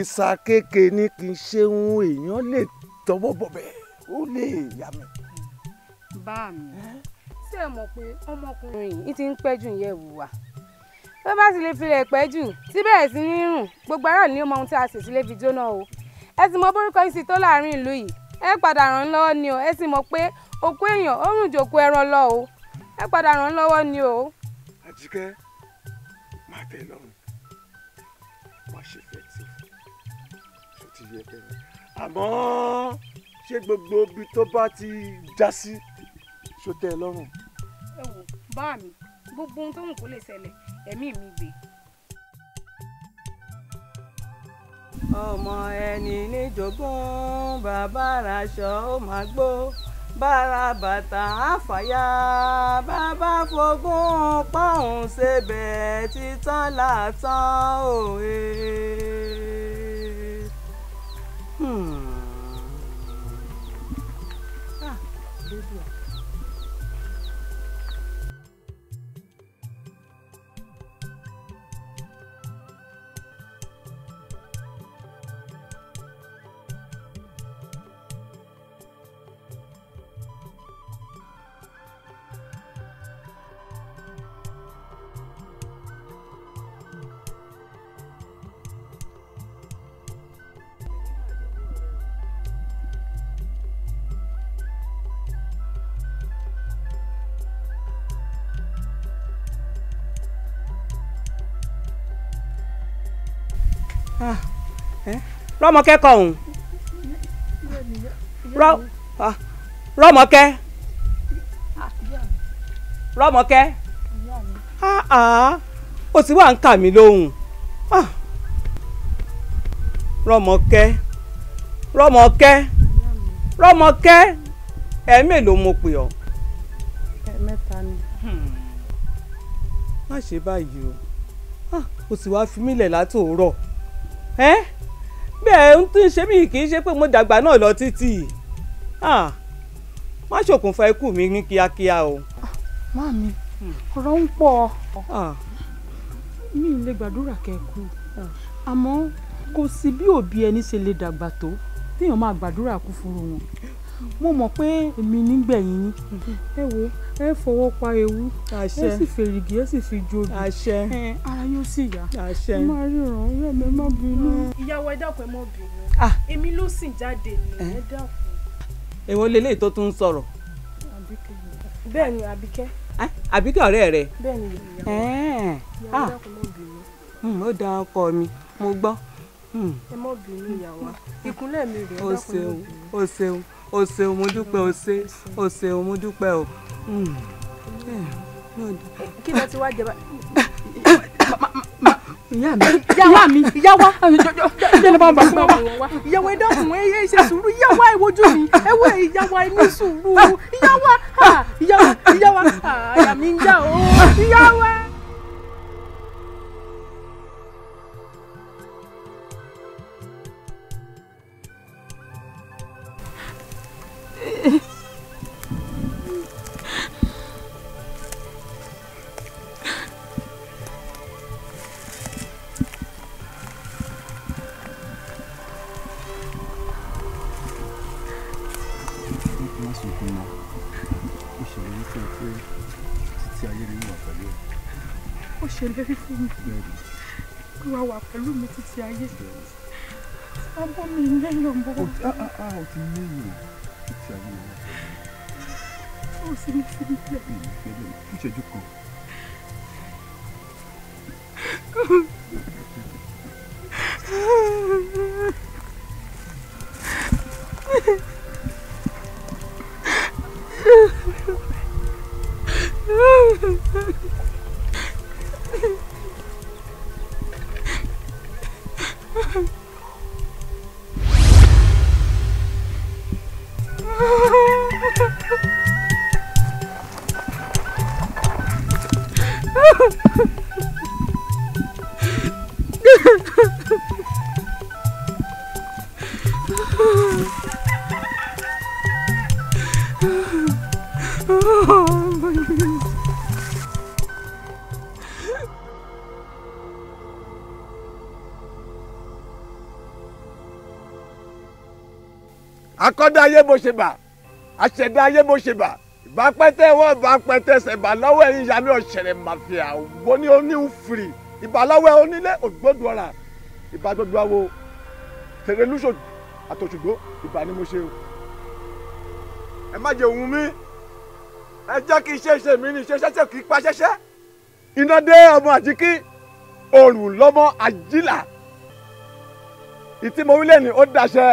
ìsàkéèké ni kì í ṣe ohun èèyàn lè tọwọ́ bọ̀bẹ̀ ó lè yà mí. bá a mi ṣé ẹ mọ̀ pé ọmọkùnrin yìí ti ń pẹ́jù yẹn wùwà tó bá sì lè filẹ̀ pẹ́jù tí bẹ̀rẹ̀ sí ní rùn gbogbo ara ní ọmọ ohun tí a sì sílé fi jóná o ẹ sì mọ bórúkọ yìí sì tó láàrin ìlú yìí ẹ padà ràn án lọ́wọ́ ni o ẹ sì mọ̀ pé òkú èèyàn ó rùn jòkó ẹran lọ o ẹ padà ràn án lọ́wọ́ ni o. àjíkẹ́ máa tẹ̀ lọ́rùn àmọ́ ṣé gbogbo ibi tó bá ti já sí ṣó tẹ́ ẹ lọ́rùn. ẹ wò bá mi gbogbo ohun tó wù kó lè ṣẹlẹ̀ ẹ̀mí mi gbé. ọmọ ẹni níjogún bàbá aṣọ ó máa gbó bára bàtà àfàyà bàbá fogún pọ́hùn ṣebẹ̀ títán làtàn òwe. 嗯。rọmọkẹ kọ òun rọmọkẹ ah, rọmọkẹ ah, ah, ó ti wá ń kà mí lóhùn rọmọkẹ rọmọkẹ rọmọkẹ ẹ̀ẹ́mélòó mo pè ọ́. ẹ̀ẹ̀mẹ́ta ni. Hmm. má ṣe báyìí o ó sì wá fi mílẹ̀ látòórọ̀ ẹ bẹ́ẹ̀ ń tún ṣe mí kì í ṣe pé mo dàgbà náà lọ títì má ṣokùnfà ikú mi ní kíákíá o. màmí ọ̀rọ̀ ń pọ̀ mi ì lè gbàdúrà kẹ́kù àmọ́ kò sí bí òbí ẹni ṣe lè dàgbà tó téèyàn máa gbàdúrà kú fún wọn mo mọ̀ pé èmi nígbẹ̀yìn ni mm-hmm. ẹ wo ẹ fọwọ́ pa ewu ẹ sì fèrègì ẹ sì fi jobi ẹ ara yóò sì yá ẹ máa ríran ìyá mi má bínú. ìyàwó ẹ dákun ẹ má bínú èmi ló sìn jáde ní ẹ dákun. èwo leléyìí tó tún ń sọ̀rọ̀. bẹ́ẹ̀ ni àbíkẹ́. àbíkẹ́ ọ̀rẹ́ rẹ. bẹ́ẹ̀ ni ìyàwó ẹ dákun má bínú. Hmm, ó da ọkọ mi mo gbọ́. Hmm. ẹ má bínú ìyàwó ìkúnlẹ̀ mi rẹ̀ ẹ dákun má bínú o ṣeun mo dúpẹ́ o ṣe o ṣeun mo dúpẹ́ o. kí ló ti wá jẹ báyìí ìyá mi ìyá mi ìyá wa jẹ́ ló bá ń bá fún wa. ìyàwó ẹ̀dọ́kùn ẹ ṣe sùúrù ìyá wa ìwojú mi ẹ wọ ìyá wa ẹni sùúrù ìyá wa ìyá wa ìyá wa àyà mi ń jà ó ìyá wa. ṣèlérí fún mi kí wàá wà pẹ̀lú mi títí ayé tí wàá bọ́ mi lẹ́yìn ọ̀bọ̀n. ó ti ní ìrìn. saya. Oh, sini sini lagi. Kita kita cukup. Kau. ayé mo ṣe bà àṣẹ̀dá ayé mo ṣe bà ìbápẹ́tẹ́ wọ́n bá pẹ́tẹ́ ṣẹ̀bà lọ́wọ́ ẹ̀yìn ìyanu ọ̀ṣẹ̀rẹ̀ màfíà wo ni ó ní ń firi ìbálọ́wọ́ onílé ògbódù ọ̀rà ìbágbódù awo tẹ̀rẹ̀lúṣò àtòṣùgbó ìbá ni mo ṣe o. ẹ má jẹ òun mi ẹ jẹ́ kí iṣẹ́ iṣẹ́ mi ní iṣẹ́ iṣẹ́ kì í pa ṣẹ́ṣẹ́. iná dé ọmọ àjíkí òrùn lọ́mọ àjílà ìtí mo wílẹ̀ ni ó daṣẹ́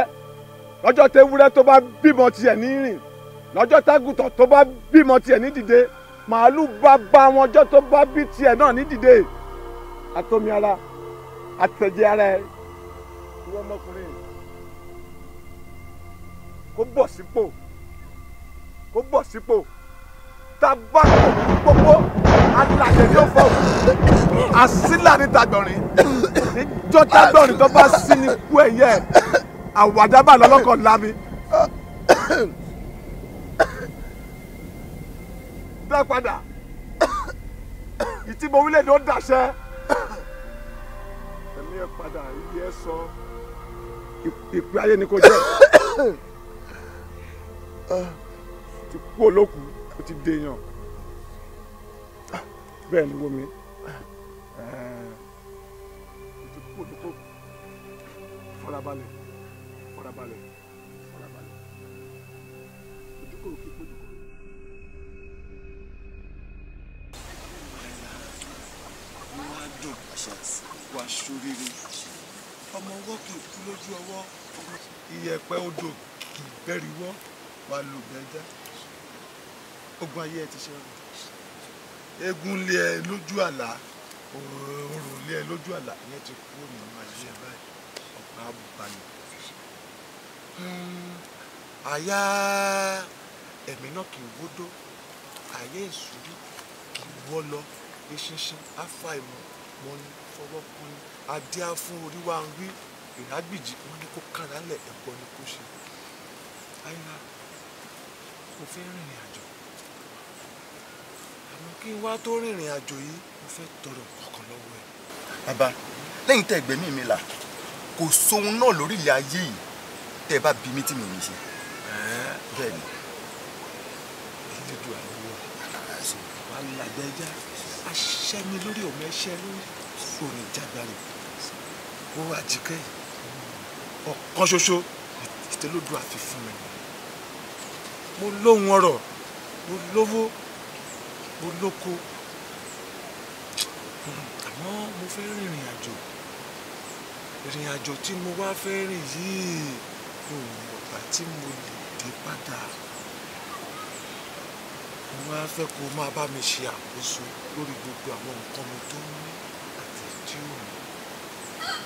lọ́jọ́ tewúrẹ́ tó bá bímọ tiẹ̀ ní rìn lọ́jọ́ tágùtàn tó bá bímọ tiẹ̀ ní dìde màálù bá bá wọn ọjọ́ tó bá bí tiẹ̀ náà ní dìde àtomi ara àtẹ̀jẹ̀ ara ẹ̀ ìwọ ọmọkùnrin kó bọ̀ sípò kó bọ̀ sípò tabá gbogbo alàjẹ ni ó fọ àsílà níta gbọ̀nrín níjọ́ tágbọ̀nrín tó bá sí ní kú ẹ̀yẹ àwàdábà lọ́lọ́kọ̀ lámi. dá padà ìtìmọ̀ orílẹ̀-èdè ó dàṣẹ. ẹ̀mí ẹ̀ padà ilé ẹ̀ sọ ìpè ayé ni kò jẹ́ ti kú olókù ó ti dèèyàn bẹ́ẹ̀ ni wo mi ó ti kú olókù farabalẹ̀ farabalẹ̀ farabalẹ̀ ojúkòrò kí pojúkòrò. wọ́n á dùn wá sóríire ọmọ ọwọ́ kì í kú lójú ọwọ́. iyẹ̀pẹ̀ odò kì í bẹ́rí wọ́ wàá lò gbẹ́já ogun ayé ẹ ti ṣe ọ̀rọ̀ eégún lé ẹ lójú àlá òòrùn lé ẹ lójú àlá ìyẹn ti kú òmìnira ayé ẹ báyìí ọ̀pá balẹ̀. Mm. àyà ẹ̀mí náà kì í wódó àyà ìsúrí kì í wọ́ lọ eṣinṣin afa ìmọ̀ mọ́ni fọwọ́ kún ni adé á fún orí wa ń rí ìrágbìjì wọn ni kó kára lẹ̀ ẹ̀kọ́ ni kó ṣe àyà kò fẹ́ rìnrìn àjò àmọ́ kí n wá tó rìnrìn àjò yìí mo fẹ́ tọrọ kọ̀ọ̀kan lọ́wọ́ ẹ̀. bàbá lẹ́yìn tẹ́ mi mi là kò sóhun náà lórí ayé yìí tẹ́ ẹ bá bí mi tí mi ò ní ṣe bẹ́ẹ̀ ni. dídú àlọ́wọ́ wà lágbẹ́já aṣẹ́ni lórí ọmọ ẹṣẹ́ lórí òní jágbárò ó wà jíkẹ́ ọ̀kan ṣoṣo ìtẹ́lódù àfi fún mi mo lóhun ọrọ̀ mo lówó mo lóko àmọ́ mo fẹ́ rìnrìn àjò ìrìn àjò tí mo wá fẹ́ rìn yìí ìwọ̀nba tí mo lè dé padà mo wá fẹ́ kó máa bá mi ṣe àkóso lórí gbogbo àwọn nǹkan mi tó ní àti tí ò ní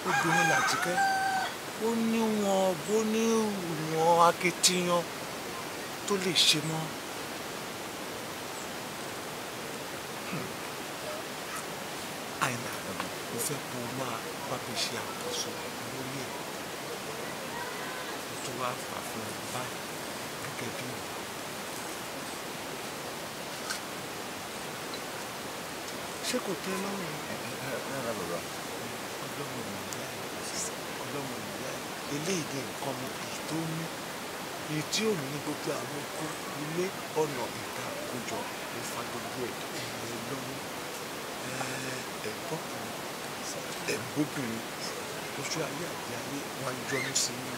obìnrin làjíkẹ́ ó níwọ̀n bó ní ìwọ̀n akitiyan tó lè ṣe mọ́. Hmm. àìlà mo fẹ́ kó máa bá mi ṣe àkóso wá fà fún ẹ báyìí gẹ́gẹ́ bí mi. ṣé kò tẹ́ lọ́rùn? rárá bàbá. ọlọ́run ìyá ọlọ́run ìyá eléyìí nǹkan mọ èyí tó ní èyí tí ò ní gbogbo àwọn oko ilé ọ̀nà ìta àkójọ ló fa gbogbo ẹ̀ ẹ̀yìn lọ́wọ́ ẹ̀gbọ́kùnrin ẹ̀gbọ́bìnrin oṣù ayé àti ayé wọn jọ ní sinmi.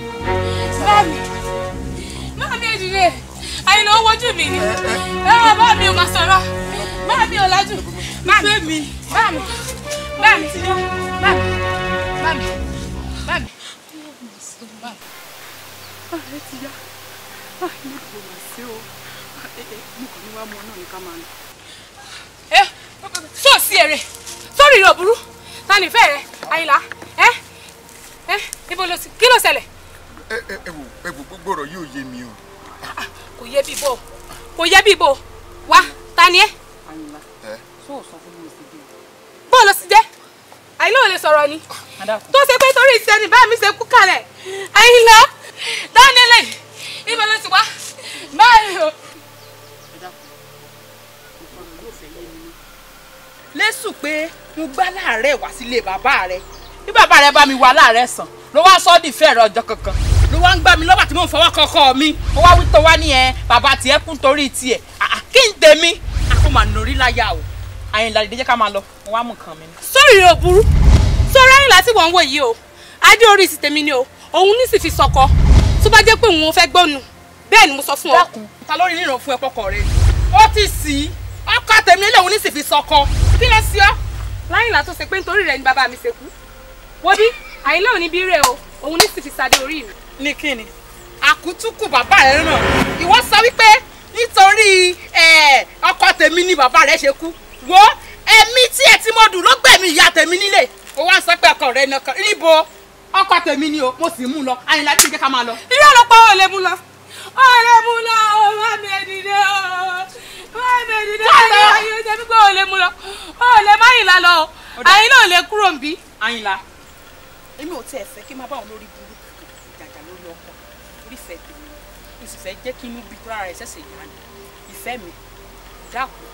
Mami, mami ẹ dìde, àyìnà owó ojú mi ni, ẹ̀rọ bá mi ò máa sọ̀rọ̀, bá mi ò lájú, mami, bami, bami, bami, bami, bami. Ààrẹ ti yá, ààrẹ ní kò mà sí o, mo kàn ní wá mọ náà ní ká máa lọ. Ẹ sọ sí èrè, sórí ìrọ̀ burú, ta ni ìfẹ́ rẹ̀, Àyìnlá, ẹ eh, ẹ eh, ibo ló sì kí ló ṣẹlẹ̀? ẹ ẹ ẹ wò ẹ wò gbogbo ọ̀rọ̀ yóò yé mi o. kò yẹ bí bò kò yẹ bí bò wá ta ni ẹ. bọ́ọ̀ ló sì jẹ́ àyìnlá ò lè sọ̀rọ̀ ni tó ṣe pé torí ìṣẹ́ni bá mi ṣe kú kalẹ̀ àyìnlá dánilẹ̀ ibẹ̀ ló ti wá báyìí o. lẹ́sùn pé mo gbá láàárẹ̀ wá sílé bàbá rẹ̀ bí bàbá rẹ̀ bá mi wá láàárẹ̀ sàn ló wá sọ́ọ́ dìfẹ́ rẹ̀ ọjọ́ kankan ló wá ń gbà mí lọ́gbà tí mò ń fọwọ́ kọ́kọ́ mi ó wá wí tó wá nìyẹn bàbá tiẹ̀ kún torí tiẹ̀ ah, ah, kí n tèmi ah, kó máa norí láyà o àyìnlá lè jẹ́ ká máa lọ mo wá mú nǹkan mi. sórí rẹ ò burú sórí àyìnlá tí wọ́n ń wò yìí o adé orí ti tèmi ni o òun ní sì fi sọkọ tó bá jẹ́ pé òun ò fẹ́ gbọ́nu bẹ́ẹ̀ ni mo sọ fún ọ. dákun ta lórí ríran fún ẹpọkọ rẹ ó ti sì í ọkọ tèmi lé òun ní sì fi sọkọ kí ló sí ọ. láyìnlá tó ṣe pé nítorí rẹ ni bàbá mi ṣe kú wo bí àyìnlá ò ní bí rè o òun ní sì fi sàdé orí mi ní kíni àkútúkù bàbá rẹ ràn ìwọ sọ wípé nítorí ọkọ tèmi ni bàbá rẹ ṣe kú wo ẹ̀mí tí ẹ ti mọ dùn ló gbẹ̀mí ìyá tèmi nílé ó wá ń sọ pé ọkọ rẹ nìkan níbo ọkọ tèmi ni o mo sì mú un lọ àyìnlá tí ń jẹ ká máa lọ. irú ọlọpàá ò lè mú lọ ò lè mú lọ ò má mi ènìyàn o má mi ènìyàn o àyìnlá tẹ̀mí pé ò lè mú lọ ò lè má àyìnlá lọ o àyìnlá ò lè kúrò ń bí. àyìnlá èmi ò tiẹ̀ fẹ́ kí n máa bá òun lórí bù sì fẹ́ jẹ́ kí inú bí tó ara rẹ̀ ṣẹ̀ṣẹ̀ yá ni ìfẹ́ mi dákun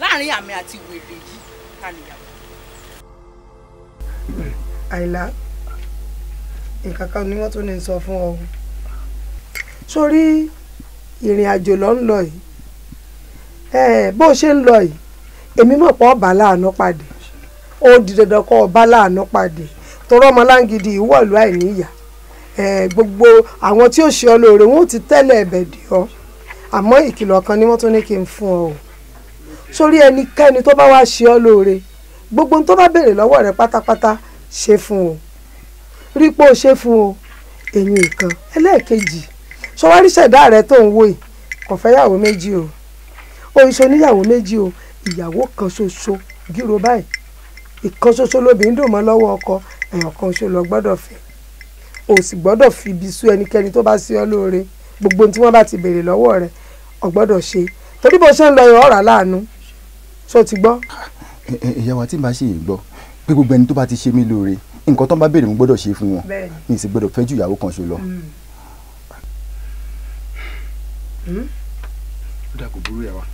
láàrin àmì àti wèrè yìí ta nìyàwó. àìlá nǹkan kan ni wọ́n tún ní sọ fún ọ sórí ìrìn àjò ló ń lọ yìí bó ṣe ń lọ yìí èmi mọ̀ pọ̀ ọba láàánú pàdé ó di dandan kọ́ ọba láàánú pàdé torọ́ ọmọ láǹgìdì ìwọ̀lú àìníyàá gbogbo àwọn tí ò ṣe ọ lóore wọn ò ti tẹ́lẹ̀ ẹ̀bẹ̀ dì ọ́ àmọ́ ìkìlọ̀ kan ni wọ́n tún ní kí n fún ọ o sórí ẹnikẹ́ni tó bá wá ṣe ọ lóore gbogbo tó bá béèrè lọ́wọ́ rẹ pátápátá ṣe fún o rí pé o ṣe fún o èyí nǹkan ẹlẹ́ẹ̀kejì sọwárí ṣẹ̀dá rẹ tó ń wò yìí kò fẹ́yàwó méjì o oríṣi oníyàwó méjì o ìyàwó kan ṣoṣo gírò báyìí ìkan ṣoṣo lóbìnrin dùn mọ́ lọ́wọ́ ọkọ ẹ̀yọ̀ kan lọ gbọ́dọ̀ fẹ́ o sì gbọ́dọ̀ fi ibi sú ẹnikẹ́ni tó bá sí ọ lóore gbogbo tí wọ́n bá ti béèrè lọ́wọ́ rẹ o gbọ́dọ̀ ṣe torí bó ṣe ń lọ ọ̀rà láàánú ṣó ti gbọ́. ìyá wa tí màá ṣe yìí gbọ́ pé gbogbo ẹni tó bá ti ṣe mí lóore nǹkan tó ń bá béèrè mo gbọ́dọ̀ ṣe fún wọn mi sì gbọ́dọ̀ fẹ́ ju ìyàwó kan ṣo lọ. Hmm. Hmm? ó dà kó burú ìyá wa.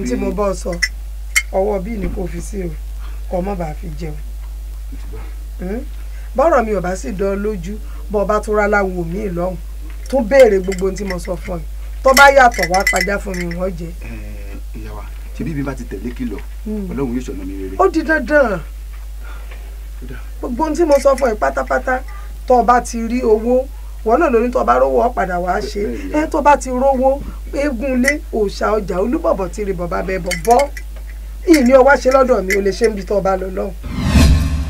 n tí mo bọ́ sọ ọwọ́ bíi ni kò fi sí o kọ́ ọ mọ̀ fi jẹun bọ́rọ̀ mi ò bá sì dán lójú bọ́ ọba tó rá láwọn mi lọ́hùn tó béèrè gbogbo ohun tí mo sọ fún ẹ tó bá yàtọ̀ wá pajá fún mi wọ́n jẹ. ìyá wa ṣe bí mi bá ti tẹ̀lé kìlọ̀ hmm. ọlọ́run yóò ṣọ̀nà mi rere. ó di dandan gbogbo ohun tí mo sọ fún ẹ pátápátá tó o bá ti rí owó wọn náà lórí tó o bá rówó ọ padà wàá ṣe ẹ tó o bá ti rówó eégún lé òòṣà ọjà olúbọ̀bọ̀ ti rí bọ̀bá bẹ́ẹ̀ bọ̀ bọ́ ìní ọwá ṣe lọ́dọ̀ mi ò lè ṣe ń bi tó o bá lọ lọ́hùn.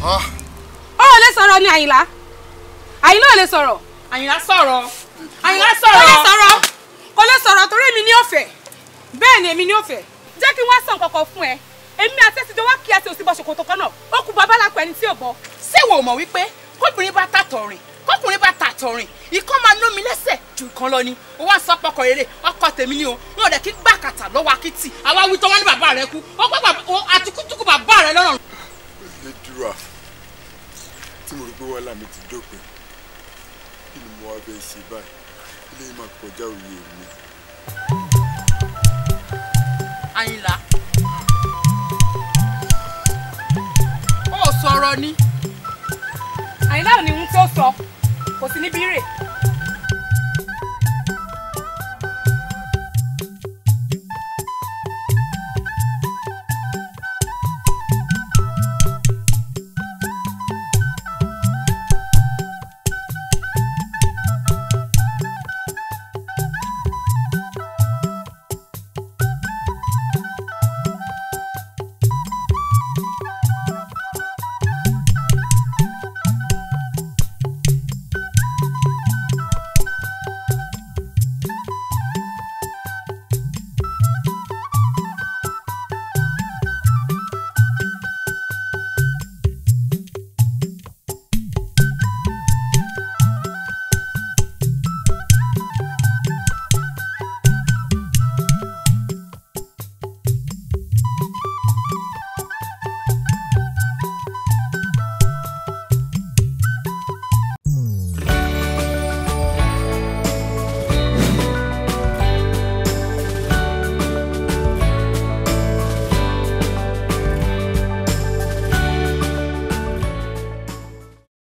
Ah! sọ̀rọ̀ ni àyìnlá àyìnlá ò lè sọ̀rọ̀. àyìnlá sọ̀rọ̀ àyìnlá sọ̀rọ̀ kò lè sọ̀rọ̀ kò lè sọ̀rọ̀ torí mi ní ọ̀fẹ́ bẹ́ẹ̀ ni èmi ní ọ̀fẹ́ jẹ́ kí wọ́n sàn kankan fún ẹ èmi àti ẹsẹ̀ jọ wá kí àti òsínbọ̀ ṣòkòtò kan náà ó kú bàbá lápẹ́ ẹni tí ò bọ́. ṣé wo mọ̀ wípé kóbìnrin bá tàtọ̀ rìn kọkùnrin bá ta àtọ̀rìn ikán máa lómi lẹ́sẹ̀ ju ìkan lọ ni ó wá sọ pọkàn rere ọkọ tèmi ni o wọn dẹ̀ kí gbà kàtà lọ́wọ́ akitì àwa wí tọ́ wọn ní bàbá rẹ kú ó gbọ́ àtikútukú bàbá rẹ lọ́rùn. ẹ dúró pé wàhálà mi ti dópin kí ni mo wá fẹ́ ṣe báyìí ilé yìí kọjá òye mi. àyìnlá ó sọ̀rọ̀ ni àyìnlá ò ní ohun tó sọ kò sí níbí rè.